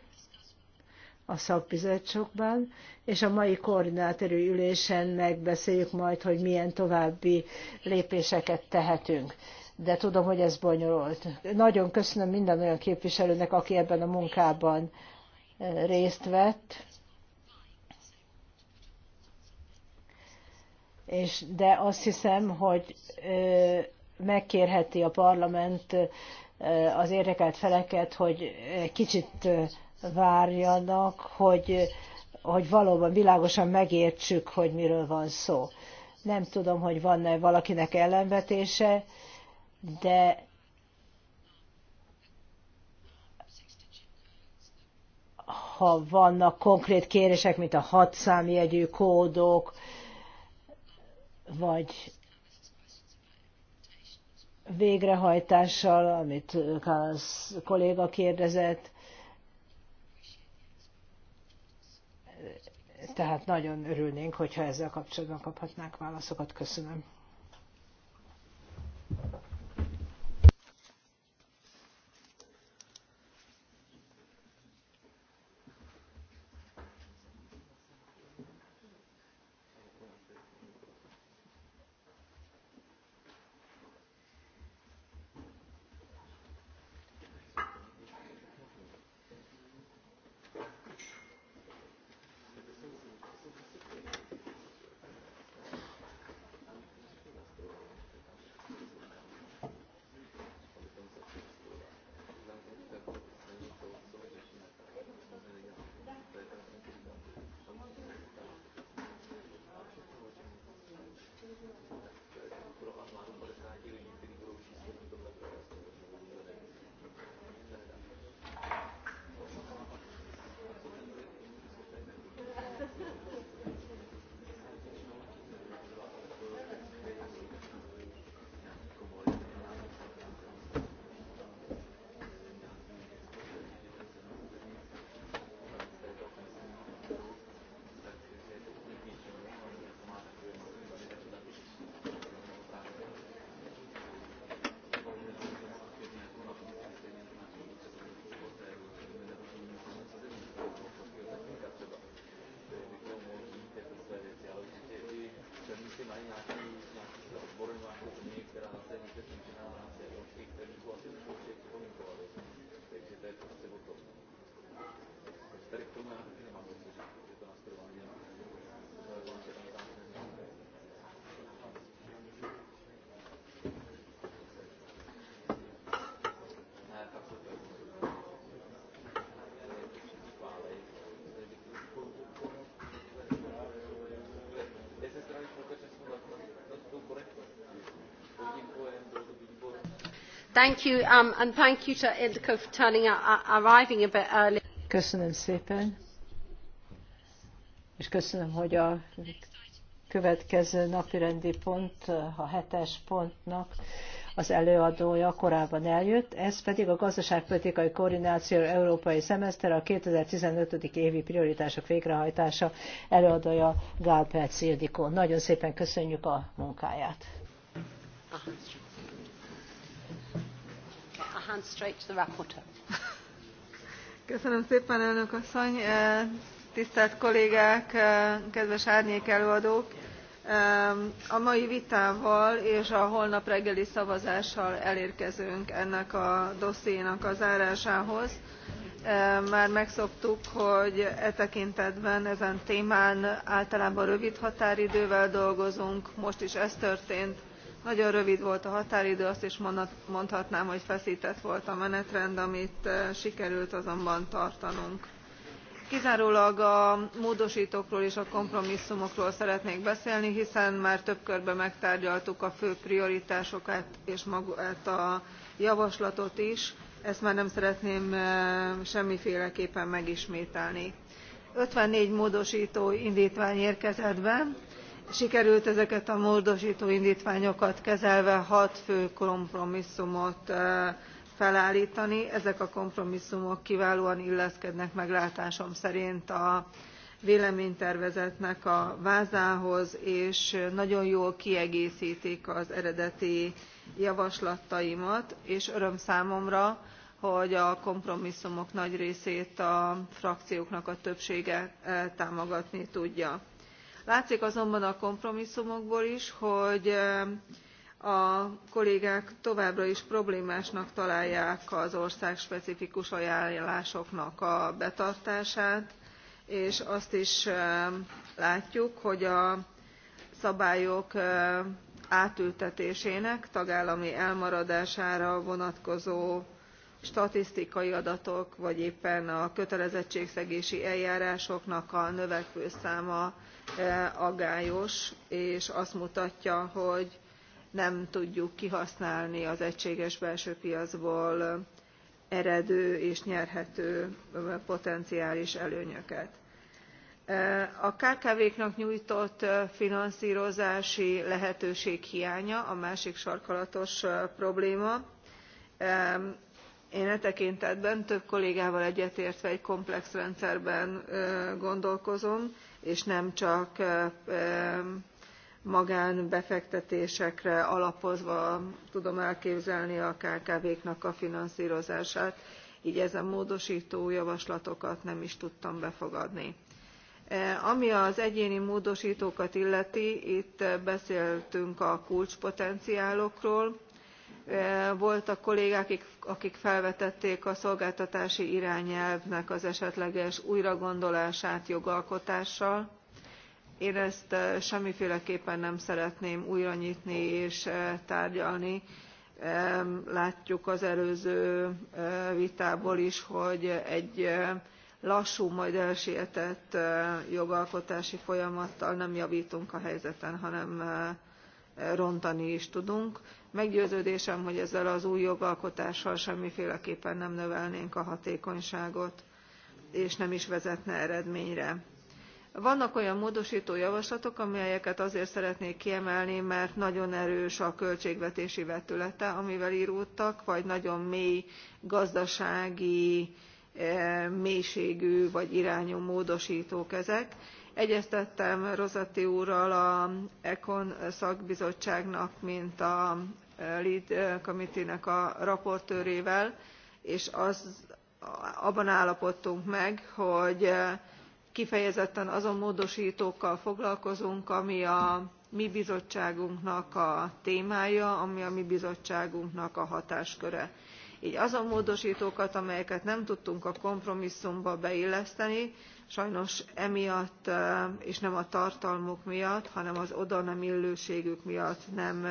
a szakbizottságban, és a mai koordinátori ülésen megbeszéljük majd, hogy milyen további lépéseket tehetünk. De tudom, hogy ez bonyolult. Nagyon köszönöm minden olyan képviselőnek, aki ebben a munkában eh, részt vett. És, de azt hiszem, hogy eh, megkérheti a parlament eh, Eh, az érdekelt feleket, hogy kicsit eh, várjanak, hogy, hogy valóban világosan megértsük, hogy miről van szó. Nem tudom, hogy van-e valakinek ellenvetése, de ha vannak konkrét kérések, mint a hat számjegyű kódok, vagy végrehajtással, amit a kolléga kérdezett. Tehát nagyon örülnénk, hogyha ezzel kapcsolatban kaphatnák válaszokat. Köszönöm. Thank you, um, and thank you to Ildiko for turning uh, arriving a bit early. Köszönöm szépen, és köszönöm, hogy a következő napirendi pont, a hetes pontnak az előadója korábban eljött, ez pedig a gazdaságpolitikai koordináció európai szemeszter a 2015. évi prioritások végrehajtása előadója Gál Perc Ildikó. Nagyon szépen köszönjük a munkáját. Aha hand straight to the rapporteur. *laughs* Köszönöm szépen, elnök asszony! Eh, tisztelt kollégák, eh, kedves árnyék előadók! Eh, a mai vitával és a holnap reggeli szavazással elérkezünk ennek a dossziénak a zárásához. Már megszoktuk, hogy e tekintetben ezen témán általában rövid határidővel dolgozunk, most is ez történt nagyon rövid volt a határidő azt is mondhatnám hogy fesztett volt a menetrend amit eh, sikerült azonban tartanunk. kizárólag a módostókról és a kompromisszumokról szeretnék beszélni hiszen már több körben megtárgyaltuk a fő prioritásokat és magát a javaslatot is ezt már nem szeretném eh, semmiféleképpen megismételni. fifty four módostó indtvány érkezett be sikerült ezeket a módostó indtványokat kezelve hat fő kompromisszumot felálltani ezek a kompromisszumok kiválóan illeszkednek meglátásom szerint a véleménytervezetnek a vázához és nagyon jól kiegésztik az eredeti javaslataimat és öröm számomra hogy a kompromisszumok nagy részét a frakcióknak a többsége támogatni tudja látszik azonban a kompromisszumokból is hogy eh, a kollégák továbbra is problémásnak találják az országspecifikus ajánlások a betartását és azt is eh, látjuk hogy a szabályok eh, átültetésének tagállami elmaradására vonatkozó statisztikai adatok vagy éppen a kötelezettségszegési eljárásoknak a növekvő száma aggályos és azt mutatja hogy nem tudjuk kihasználni az egységes belső piacból eredő és nyerhető potenciális előnyöket. a kkv knak nyújtott finanszrozási lehetőség hiánya a másik sarkalatos probléma. én e tekintetben több kollégával egyetértve egy komplex rendszerben gondolkozom és nem csak magánbefektetésekre alapozva tudom elképzelni a kkv knak a finanszrozását gy ezen módostó javaslatokat nem is tudtam befogadni. E, ami az egyéni módostókat illeti itt beszéltünk a kulcspotenciálokról voltak kollégák akik, felvetették a szolgáltatási irányelvnek az esetleges újragondolását jogalkotással. én ezt eh, semmiféleképpen nem szeretném újra nyitni és eh, tárgyalni látjuk az előző eh, vitából is hogy egy lassú majd elsietett jogalkotási folyamattal nem javtunk a helyzeten hanem rontani is tudunk meggyőződésem hogy ezzel az új jogalkotással semmiféleképpen nem növelnénk a hatékonyságot és nem is vezetne eredményre. vannak olyan módostó javaslatok amelyeket azért szeretnék kiemelni mert nagyon erős a költségvetési vetülete amivel ródtak vagy nagyon mély gazdasági eh, mélységű vagy irányú módostók ezek egyeztettem rosati úrral az econ szakbizottságnak mint a lead committee-nek a raportőrével és az, abban állapodtunk meg hogy kifejezetten azon módostókkal foglalkozunk ami a mi bizottságunknak a témája ami a mi bizottságunknak a hatásköre. gy azon módostókat amelyeket nem tudtunk a kompromisszumba beilleszteni sajnos emiatt és nem a tartalmuk miatt hanem az oda nem illőségük miatt nem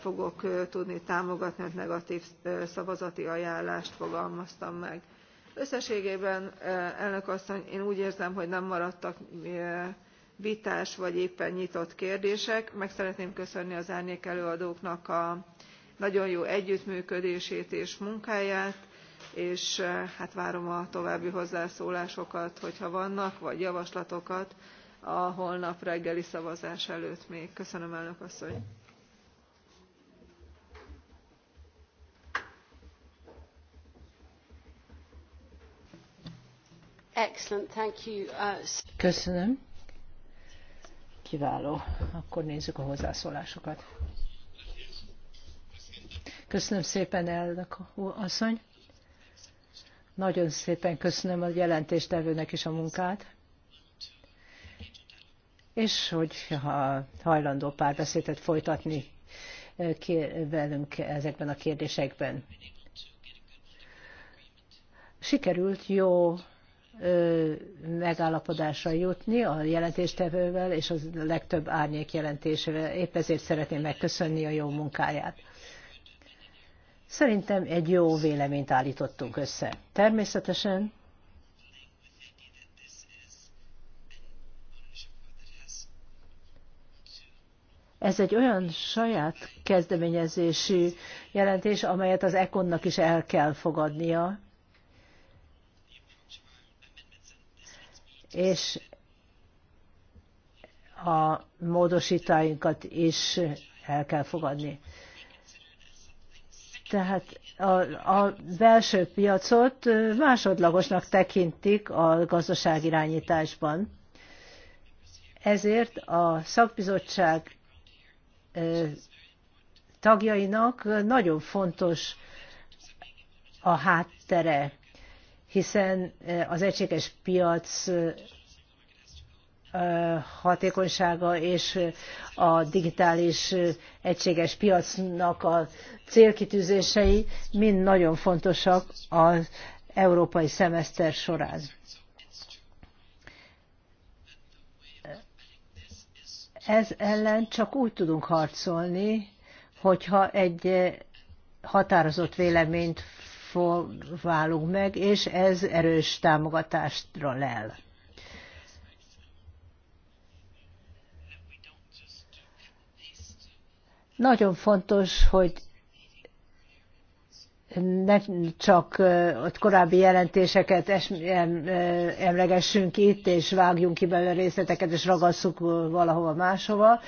fogok tudni támogatni mert negatv szavazati ajánlást fogalmaztam meg. összességében elnök asszony én úgy érzem hogy nem maradtak vitás vagy éppen nyitott kérdések. meg szeretném köszönni az előadóknak a nagyon jó együttműködését és munkáját és hát várom a további hozzászólásokat hogyha vannak vagy javaslatokat a holnap reggeli szavazás előtt még. köszönöm elnök asszony! Uh, köszönöm. Kiváló. Akkor nézzük a hozzászólásokat. Köszönöm szépen, elnök asszony. Nagyon szépen köszönöm a jelentéstevőnek is a munkát, és hogy ha hajlandó párbeszédet folytatni eh, velünk ezekben a kérdésekben. Sikerült jó megállapodásra jutni a jelentéstevővel és a legtöbb árnyék jelentésével. Épp ezért szeretném megköszönni a jó munkáját. Szerintem egy jó véleményt állítottunk össze. Természetesen ez egy olyan saját kezdeményezésű jelentés, amelyet az Ekonnak is el kell fogadnia, és a módosítáinkat is el kell fogadni. Tehát a, a belső piacot másodlagosnak tekintik a gazdaságirányításban. Ezért a szakbizottság tagjainak nagyon fontos a háttere hiszen az egységes piac hatékonysága és a digitális egységes piacnak a célkitűzései mind nagyon fontosak az európai szemeszter során. Ez ellen csak úgy tudunk harcolni, hogyha egy határozott véleményt válunk meg, és ez erős támogatástra lel. Nagyon fontos, hogy ne csak ott korábbi jelentéseket emlegessünk itt, és vágjunk ki belőle részleteket, és ragasszuk valahova máshova,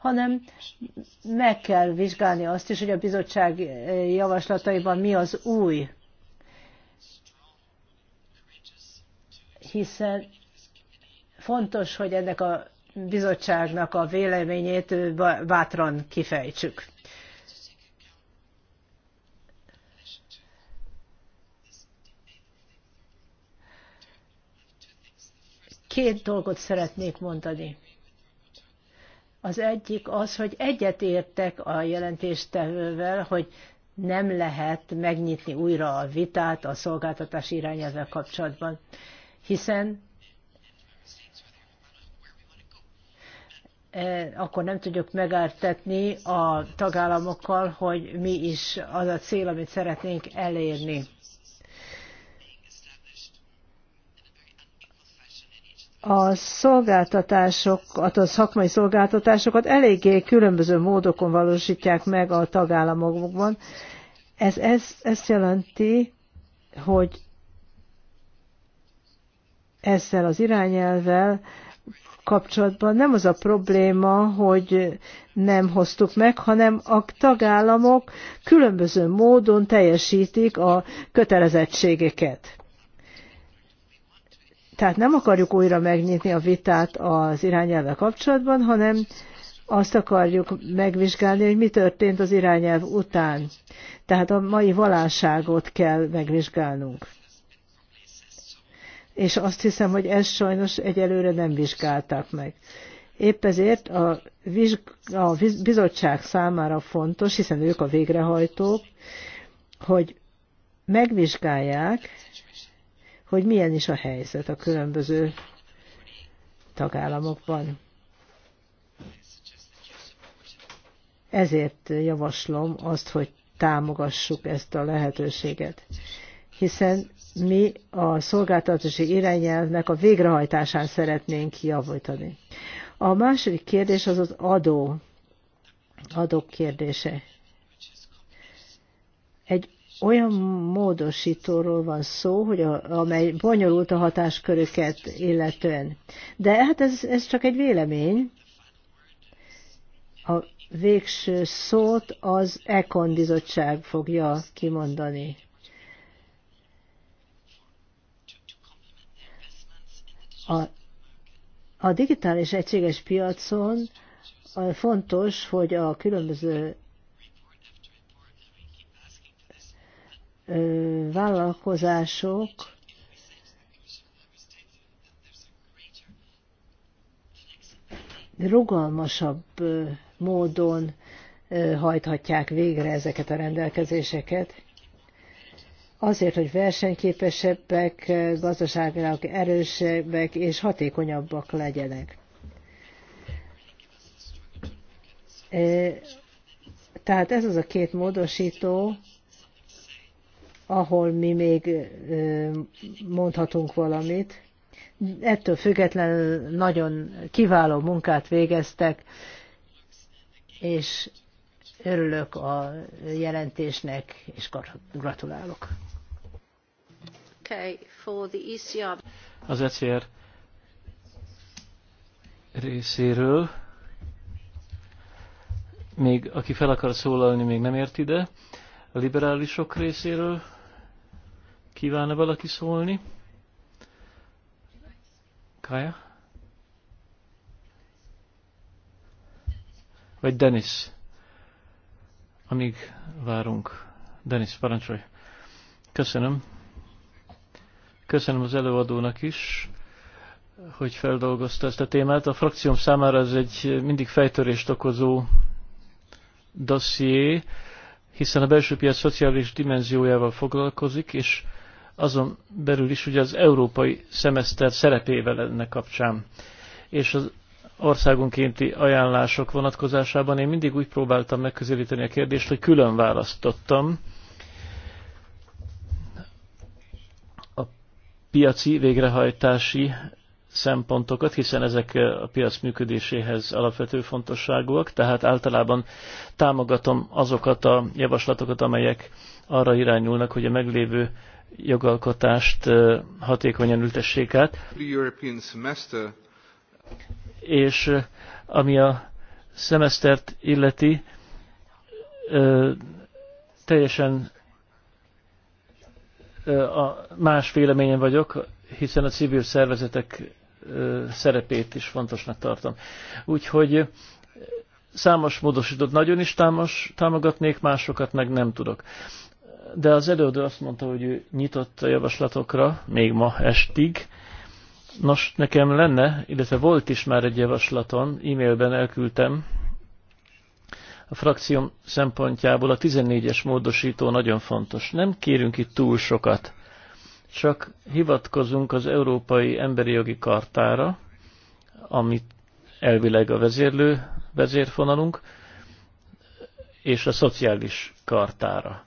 hanem meg kell vizsgálni azt is, hogy a bizottság javaslataiban mi az új. Hiszen fontos, hogy ennek a bizottságnak a véleményét bátran kifejtsük. Két dolgot szeretnék mondani. Az egyik az, hogy egyetértek a jelentéstevővel, hogy nem lehet megnyitni újra a vitát a szolgáltatás irányelvvel kapcsolatban, hiszen e, akkor nem tudjuk megártetni a tagállamokkal, hogy mi is az a cél, amit szeretnénk elérni. a szolgáltatásokat, a szakmai szolgáltatásokat eléggé különböző módokon valósítják meg a tagállamokban. Ez, ez ezt jelenti, hogy ezzel az irányelvel kapcsolatban nem az a probléma, hogy nem hoztuk meg, hanem a tagállamok különböző módon teljesítik a kötelezettségeket. Tehát nem akarjuk újra megnyitni a vitát az irányelve kapcsolatban, hanem azt akarjuk megvizsgálni, hogy mi történt az irányelv után. Tehát a mai valáságot kell megvizsgálnunk. És azt hiszem, hogy ezt sajnos egyelőre nem vizsgálták meg. Épp ezért a, a bizottság számára fontos, hiszen ők a végrehajtók, hogy megvizsgálják, hogy milyen is a helyzet a különböző tagállamokban. Ezért javaslom azt, hogy támogassuk ezt a lehetőséget, hiszen mi a szolgáltatási irányelvnek a végrehajtásán szeretnénk javítani. A második kérdés az az adó, adók kérdése olyan módosítóról van szó, hogy a, amely bonyolult a hatásköröket illetően. De hát ez, ez csak egy vélemény. A végső szót az Ekon bizottság fogja kimondani. A, a digitális egységes piacon fontos, hogy a különböző vállalkozások rugalmasabb módon hajthatják végre ezeket a rendelkezéseket, azért, hogy versenyképesebbek, gazdaságilag erősebbek és hatékonyabbak legyenek. Tehát ez az a két módosító, ahol mi még mondhatunk valamit. Ettől függetlenül nagyon kiváló munkát végeztek, és örülök a jelentésnek, és gratulálok. Okay, for the ECR. Az ECR részéről még aki fel akar szólalni, még nem ért ide. A liberálisok részéről Kívánna valaki szólni? Kaja? Vagy Denis? Amíg várunk. Denis, parancsolj. Köszönöm. Köszönöm az előadónak is, hogy feldolgozta ezt a témát. A frakcióm számára ez egy mindig fejtörést okozó dosszié, hiszen a belső piac szociális dimenziójával foglalkozik, és azon belül is ugye az európai szemeszter szerepével ennek kapcsán. És az országunkénti ajánlások vonatkozásában én mindig úgy próbáltam megközelíteni a kérdést, hogy külön választottam a piaci végrehajtási szempontokat, hiszen ezek a piac működéséhez alapvető fontosságúak, tehát általában támogatom azokat a javaslatokat, amelyek arra irányulnak, hogy a meglévő jogalkotást hatékonyan ültessék át. És ami a szemesztert illeti, teljesen a más véleményen vagyok, hiszen a civil szervezetek szerepét is fontosnak tartom. Úgyhogy számos módosított nagyon is támos, támogatnék, másokat meg nem tudok de az előadó azt mondta, hogy ő nyitott a javaslatokra még ma estig. Nos, nekem lenne, illetve volt is már egy javaslaton, e-mailben elküldtem. A frakcióm szempontjából a 14-es módosító nagyon fontos. Nem kérünk itt túl sokat, csak hivatkozunk az Európai Emberi Jogi Kartára, amit elvileg a vezérlő vezérfonalunk, és a szociális kartára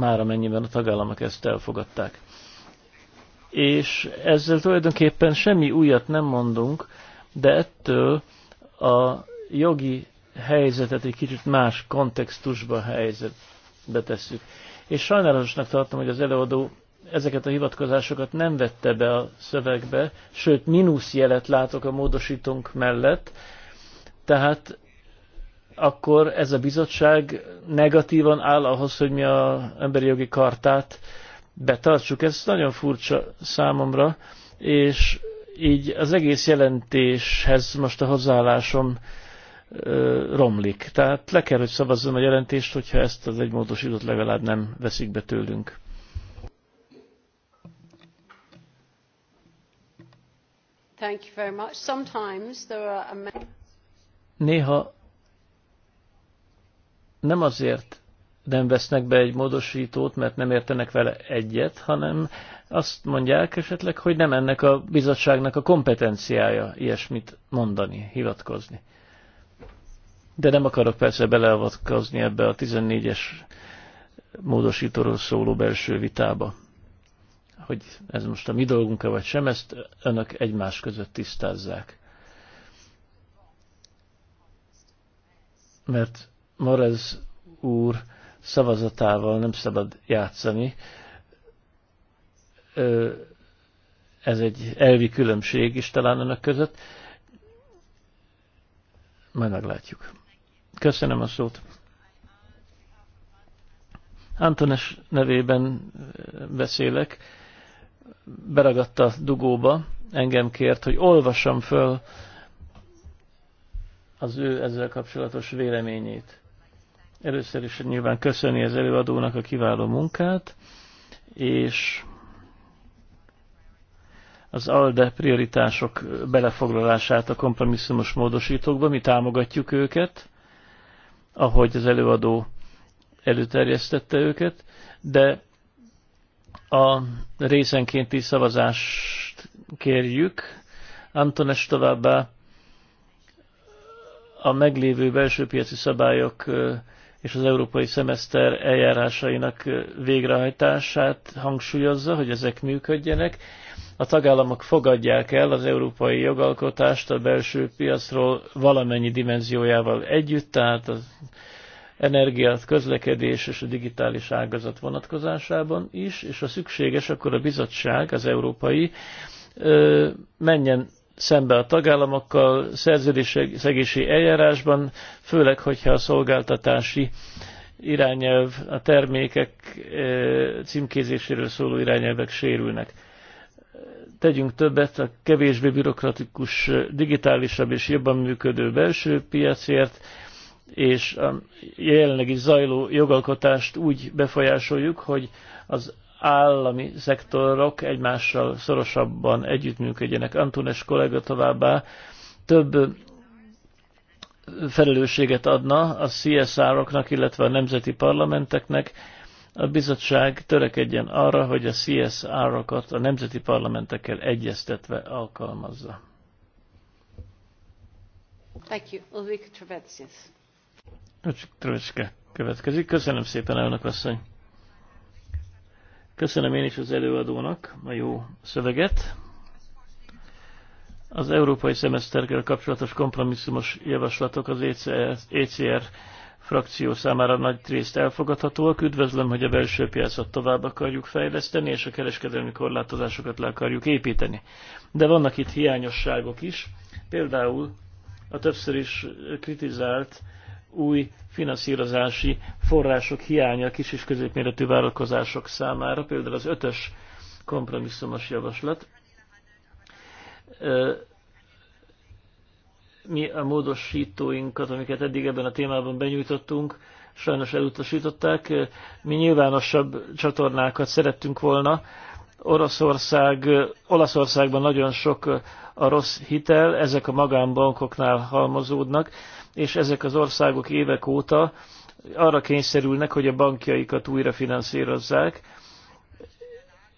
már amennyiben a tagállamok ezt elfogadták. És ezzel tulajdonképpen semmi újat nem mondunk, de ettől a jogi helyzetet egy kicsit más kontextusba helyzetbe tesszük. És sajnálatosnak tartom, hogy az előadó ezeket a hivatkozásokat nem vette be a szövegbe, sőt mínuszjelet látok a módosítónk mellett, tehát akkor ez a bizottság negatívan áll ahhoz, hogy mi az emberi jogi kartát betartsuk. Ez nagyon furcsa számomra, és így az egész jelentéshez most a hozzáállásom romlik. Tehát le kell, hogy szavazzam a jelentést, hogyha ezt az egy módosítót legalább nem veszik be tőlünk. Thank you very much. Sometimes there are... Néha nem azért nem vesznek be egy módosítót, mert nem értenek vele egyet, hanem azt mondják esetleg, hogy nem ennek a bizottságnak a kompetenciája ilyesmit mondani, hivatkozni. De nem akarok persze beleavatkozni ebbe a 14-es módosítóról szóló belső vitába. Hogy ez most a mi dolgunk-e vagy sem, ezt önök egymás között tisztázzák. Mert Morez úr szavazatával nem szabad játszani. Ez egy elvi különbség is talán önök között. Majd meglátjuk. Köszönöm a szót. Antones nevében beszélek. Beragadta dugóba, engem kért, hogy olvassam föl az ő ezzel kapcsolatos véleményét. Először is nyilván köszönni az előadónak a kiváló munkát, és az ALDE prioritások belefoglalását a kompromisszumos módosítókba. Mi támogatjuk őket, ahogy az előadó előterjesztette őket, de a részenkénti szavazást kérjük. Antones továbbá a meglévő belső piaci szabályok és az európai szemeszter eljárásainak végrehajtását hangsúlyozza, hogy ezek működjenek. A tagállamok fogadják el az európai jogalkotást a belső piacról valamennyi dimenziójával együtt, tehát az energiát, közlekedés és a digitális ágazat vonatkozásában is, és ha szükséges, akkor a bizottság, az európai, menjen szembe a tagállamokkal szerződésszegési eljárásban, főleg, hogyha a szolgáltatási irányelv, a termékek e, címkézéséről szóló irányelvek sérülnek. Tegyünk többet a kevésbé bürokratikus, e, digitálisabb és jobban működő belső piacért, és a jelenleg is zajló jogalkotást úgy befolyásoljuk, hogy az állami szektorok egymással szorosabban együttműködjenek. Antunes kollega továbbá több felelősséget adna a CSR-oknak, illetve a nemzeti parlamenteknek, a bizottság törekedjen arra, hogy a CSR-okat a nemzeti parlamentekkel egyeztetve alkalmazza. Thank you. Ulrike Trebetszke következik. Köszönöm szépen, elnök asszony. Köszönöm én is az előadónak a jó szöveget. Az európai szemeszterkel kapcsolatos kompromisszumos javaslatok az ECR, frakció számára nagy részt elfogadhatóak. Üdvözlöm, hogy a belső piacot tovább akarjuk fejleszteni, és a kereskedelmi korlátozásokat le akarjuk építeni. De vannak itt hiányosságok is, például a többször is kritizált új finanszírozási források hiánya kis és középméretű vállalkozások számára, például az ötös kompromisszumos javaslat. Mi a módosítóinkat, amiket eddig ebben a témában benyújtottunk, sajnos elutasították. Mi nyilvánosabb csatornákat szerettünk volna. Oroszország, Olaszországban nagyon sok a rossz hitel, ezek a magánbankoknál halmozódnak és ezek az országok évek óta arra kényszerülnek, hogy a bankjaikat újra finanszírozzák,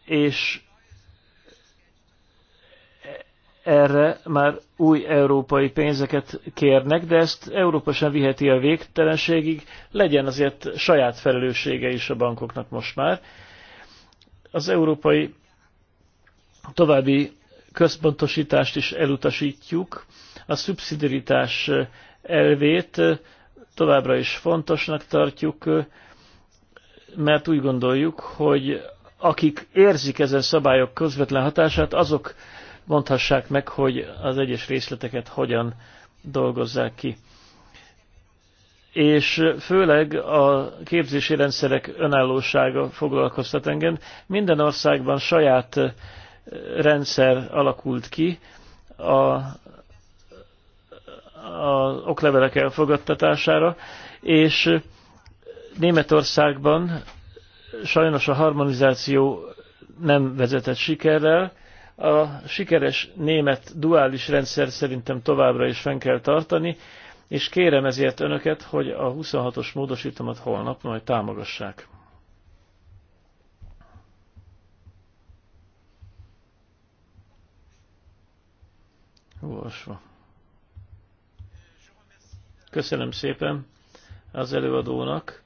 és erre már új európai pénzeket kérnek, de ezt Európa sem viheti a végtelenségig, legyen azért saját felelőssége is a bankoknak most már. Az európai további központosítást is elutasítjuk, a szubszidiaritás elvét továbbra is fontosnak tartjuk, mert úgy gondoljuk, hogy akik érzik ezen szabályok közvetlen hatását, azok mondhassák meg, hogy az egyes részleteket hogyan dolgozzák ki. És főleg a képzési rendszerek önállósága foglalkoztat engem. Minden országban saját rendszer alakult ki a oklevelek elfogadtatására, és Németországban sajnos a harmonizáció nem vezetett sikerrel. A sikeres német duális rendszer szerintem továbbra is fenn kell tartani, és kérem ezért önöket, hogy a 26-os módosítomat holnap majd támogassák. Olvasva. Köszönöm szépen az előadónak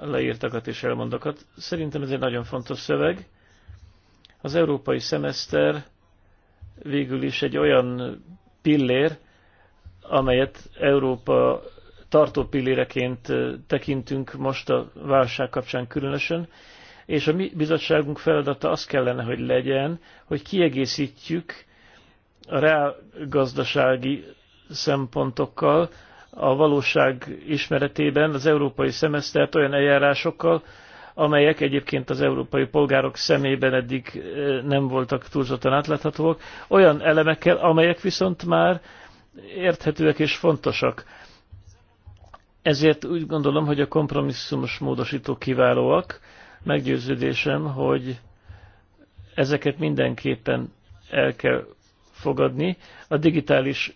leírtakat és elmondakat. Szerintem ez egy nagyon fontos szöveg. Az európai szemeszter végül is egy olyan pillér, amelyet Európa tartó pilléreként tekintünk most a válság kapcsán különösen, és a mi bizottságunk feladata az kellene, hogy legyen, hogy kiegészítjük a reálgazdasági szempontokkal a valóság ismeretében az európai szemesztert olyan eljárásokkal, amelyek egyébként az európai polgárok szemében eddig eh, nem voltak túlzottan átláthatóak, olyan elemekkel, amelyek viszont már érthetőek és fontosak. Ezért úgy gondolom, hogy a kompromisszumos módosítók kiválóak. Meggyőződésem, hogy ezeket mindenképpen el kell fogadni. A digitális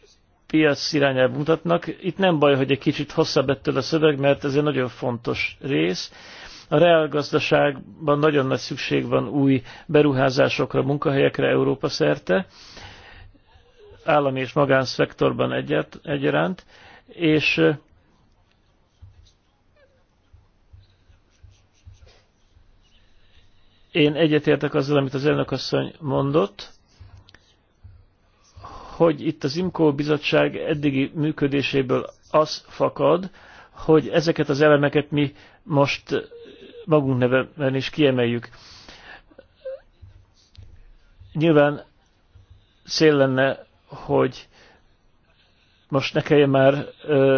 piac irányába mutatnak. Itt nem baj, hogy egy kicsit hosszabb ettől a szöveg, mert ez egy nagyon fontos rész. A reálgazdaságban nagyon nagy szükség van új beruházásokra, munkahelyekre Európa szerte, állami és magánszektorban egyet, egyaránt, és én egyetértek azzal, amit az elnökasszony mondott, hogy itt az IMCO bizottság eddigi működéséből az fakad, hogy ezeket az elemeket mi most magunk neven is kiemeljük. Nyilván szél lenne, hogy most ne kelljen már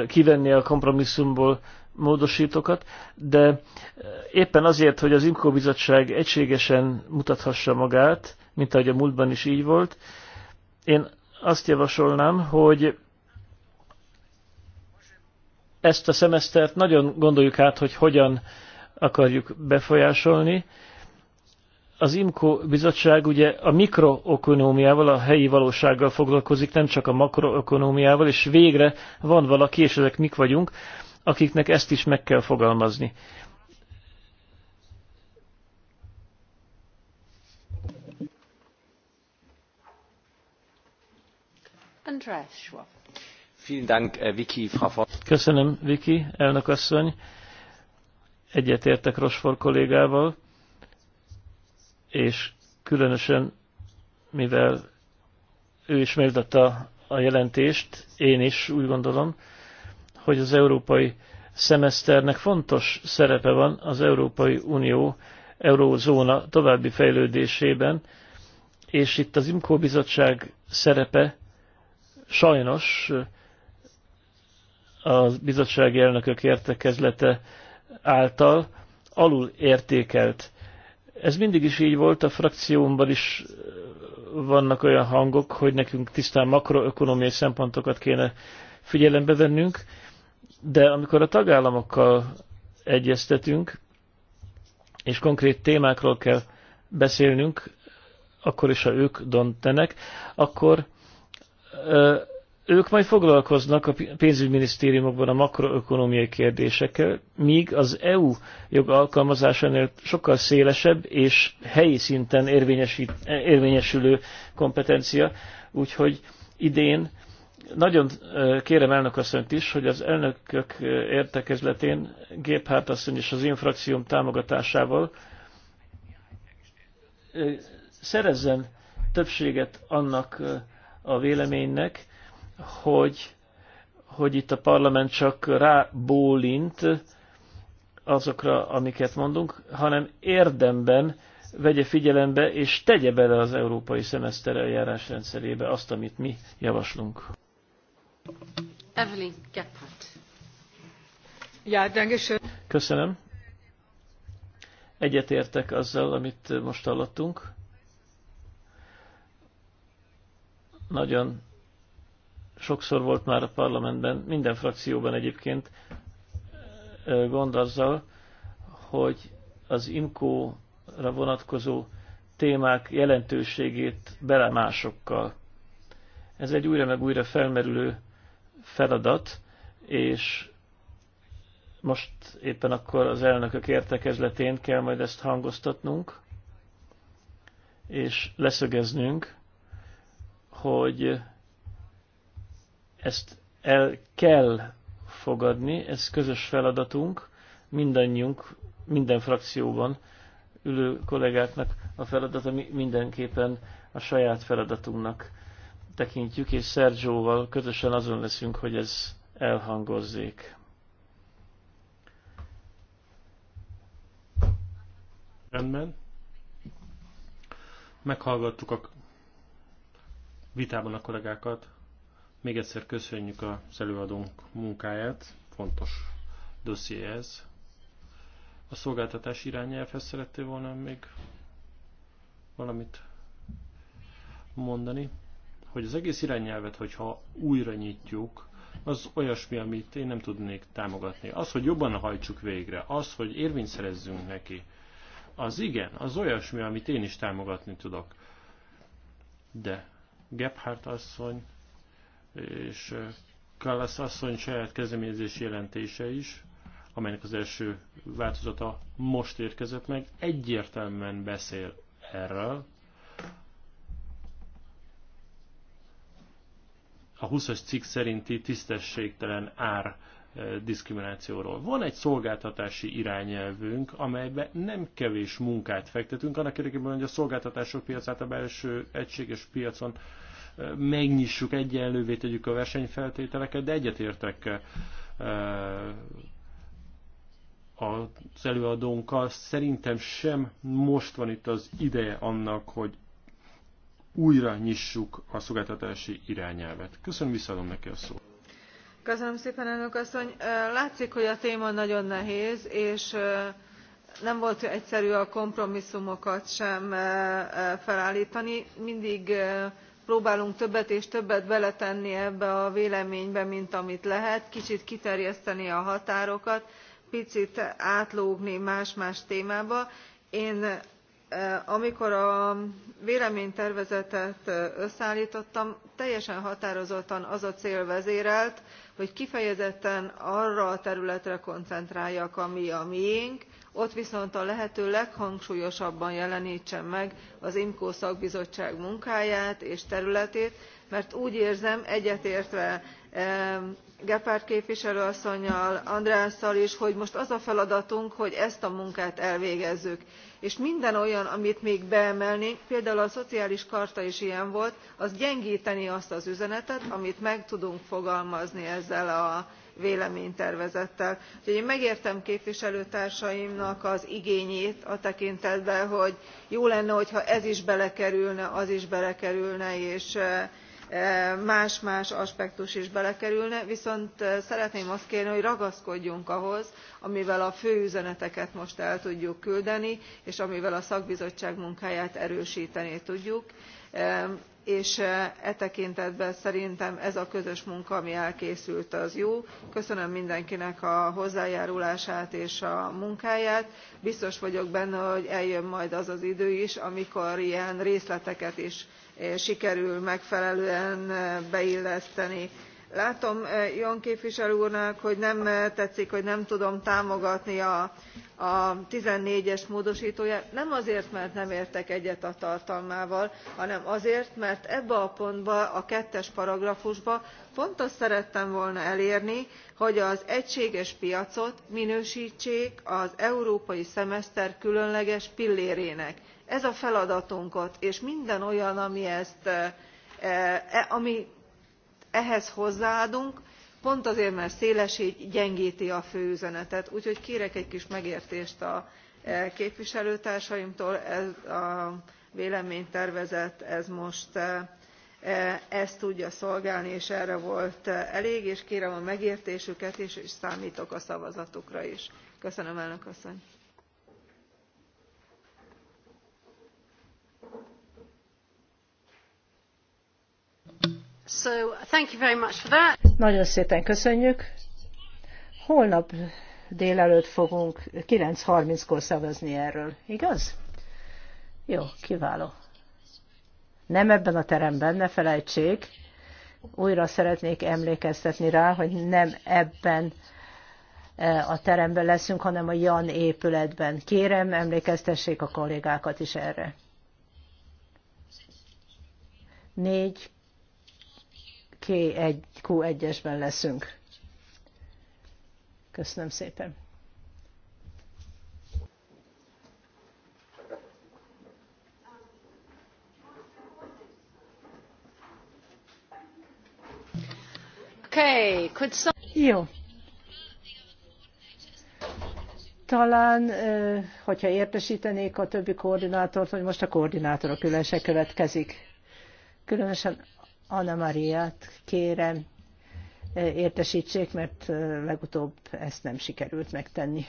kivenni a kompromisszumból módosítókat, de éppen azért, hogy az IMCO bizottság egységesen mutathassa magát, mint ahogy a múltban is így volt, én azt javasolnám, hogy ezt a szemesztert nagyon gondoljuk át, hogy hogyan akarjuk befolyásolni. Az IMCO bizottság ugye a mikroökonómiával, a helyi valósággal foglalkozik, nem csak a makroökonómiával, és végre van valaki, és ezek mik vagyunk, akiknek ezt is meg kell fogalmazni. Äh, Köszönöm, Viki, elnökasszony. Egyetértek Rosfor kollégával, és különösen, mivel ő is méltatta a jelentést, én is úgy gondolom, hogy az európai szemeszternek fontos szerepe van az Európai Unió eurózóna további fejlődésében, és itt az IMCO bizottság szerepe Sajnos a bizottsági elnökök értekezlete által alul értékelt. Ez mindig is így volt, a frakciómban is vannak olyan hangok, hogy nekünk tisztán makroökonomiai szempontokat kéne figyelembe vennünk, de amikor a tagállamokkal egyeztetünk, és konkrét témákról kell beszélnünk, akkor is, ha ők döntenek, akkor ők majd foglalkoznak a pénzügyminisztériumokban a makroökonomiai kérdésekkel, míg az EU jog alkalmazásánál sokkal szélesebb és helyi szinten érvényesülő kompetencia, úgyhogy idén nagyon kérem elnökasszonyt is, hogy az elnökök értekezletén Géphárt asszony és az infrakcióm támogatásával szerezzen többséget annak a véleménynek, hogy, hogy itt a parlament csak rábólint azokra, amiket mondunk, hanem érdemben vegye figyelembe és tegye bele az európai szemeszter eljárás rendszerébe azt, amit mi javaslunk. Evelyn Gephardt. Ja, dankeschön. Köszönöm. Egyetértek azzal, amit most hallottunk. Nagyon sokszor volt már a parlamentben, minden frakcióban egyébként gond azzal, hogy az IMCO-ra vonatkozó témák jelentőségét másokkal. Ez egy újra meg újra felmerülő feladat, és most éppen akkor az elnökök értekezletén kell majd ezt hangoztatnunk, és leszögeznünk, hogy ezt el kell fogadni, ez közös feladatunk, mindannyiunk, minden frakcióban ülő kollégáknak a feladata, mi mindenképpen a saját feladatunknak tekintjük, és Szerzsóval közösen azon leszünk, hogy ez elhangozzék. Rendben. Meghallgattuk a vitában a kollégákat. Még egyszer köszönjük az előadónk munkáját, fontos dosszié ez. A szolgáltatás irányelvhez szerettél volna még valamit mondani, hogy az egész irányelvet, hogyha újra nyitjuk, az olyasmi, amit én nem tudnék támogatni. Az, hogy jobban hajtsuk végre, az, hogy érvényt szerezzünk neki, az igen, az olyasmi, amit én is támogatni tudok. De Gebhardt asszony és Kallas asszony saját kezeményezés jelentése is, amelynek az első változata most érkezett meg, egyértelműen beszél erről. A 20-as cikk szerinti tisztességtelen ár diszkriminációról. Van egy szolgáltatási irányelvünk, amelybe nem kevés munkát fektetünk, annak érdekében, hogy a szolgáltatások piacát a belső egységes piacon megnyissuk, egyenlővé tegyük a versenyfeltételeket, de egyetértek az előadónkkal. Szerintem sem most van itt az ideje annak, hogy újra nyissuk a szolgáltatási irányelvet. Köszönöm, visszaadom neki a szót látszik hogy a téma nagyon nehéz és nem volt egyszerű a kompromisszumokat sem felálltani mindig próbálunk többet és többet beletenni ebbe a véleménybe mint amit lehet kicsit kiterjeszteni a határokat picit átlógni más más témába. én Eh, amikor a véleménytervezetet eh, összeálltottam teljesen határozottan az a cél vezérelt hogy kifejezetten arra a területre koncentráljak ami a miénk ott viszont a lehető leghangsúlyosabban jelentsem meg az imco szakbizottság munkáját és területét mert úgy érzem egyetértve gebhardt képviselő asszonnyal andreasszal is hogy most az a feladatunk hogy ezt a munkát elvégezzük és minden olyan amit még beemelnénk például a szociális charta is ilyen volt az gyengtené azt az üzenetet amit meg tudunk fogalmazni ezzel a véleménytervezettel. úgyhogy én megértem képviselőtársaimnak az igényét a tekintetben hogy jó lenne hogyha ez is belekerülne az is belekerülne és eh, más más aspektus is belekerülne viszont szeretném azt kérni hogy ragaszkodjunk ahhoz amivel a fő üzeneteket most el tudjuk küldeni és amivel a szakbizottság munkáját erősteni tudjuk és e tekintetben szerintem ez a közös munka ami elkészült az jó. köszönöm mindenkinek a hozzájárulását és a munkáját biztos vagyok benne hogy eljön majd az az idő is amikor ilyen részleteket is Eh, sikerül megfelelően eh, beilleszteni. látom eh, jon képviselő úrnak hogy nem tetszik hogy nem tudom támogatni a fourteen es módostóját nem azért mert nem értek egyet a tartalmával hanem azért mert ebbe a pontba a kettes paragrafusba pont azt szerettem volna elérni hogy az egységes piacot minőstsék az európai szemeszter különleges pillérének ez a feladatunkat és minden olyan ami, ezt, e, e, e, ami ehhez hozzáadunk pont azért mert széles gyengti a fő üzenetet úgyhogy kérek egy kis megértést a képviselőtársaimtól ez a véleménytervezet ez most ezt tudja szolgálni és erre volt elég és kérem a megértésüket is és számtok a szavazatukra is. köszönöm elnök asszony! So, thank you very much for that. Nagyon szépen köszönjük. Holnap délelőtt fogunk 9.30-kor szavazni erről, igaz? Jó, kiváló. Nem ebben a teremben, ne felejtsék. Újra szeretnék emlékeztetni rá, hogy nem ebben eh, a teremben leszünk, hanem a Jan épületben. Kérem, emlékeztessék a kollégákat is erre. Négy. Q1-esben leszünk. Köszönöm szépen. Okay, could some... Jó. Talán, hogyha értesítenék a többi koordinátort, hogy most a koordinátorok ülése következik. Különösen Anna Mariát kérem eh, értesítsék, mert eh, legutóbb ezt nem sikerült megtenni.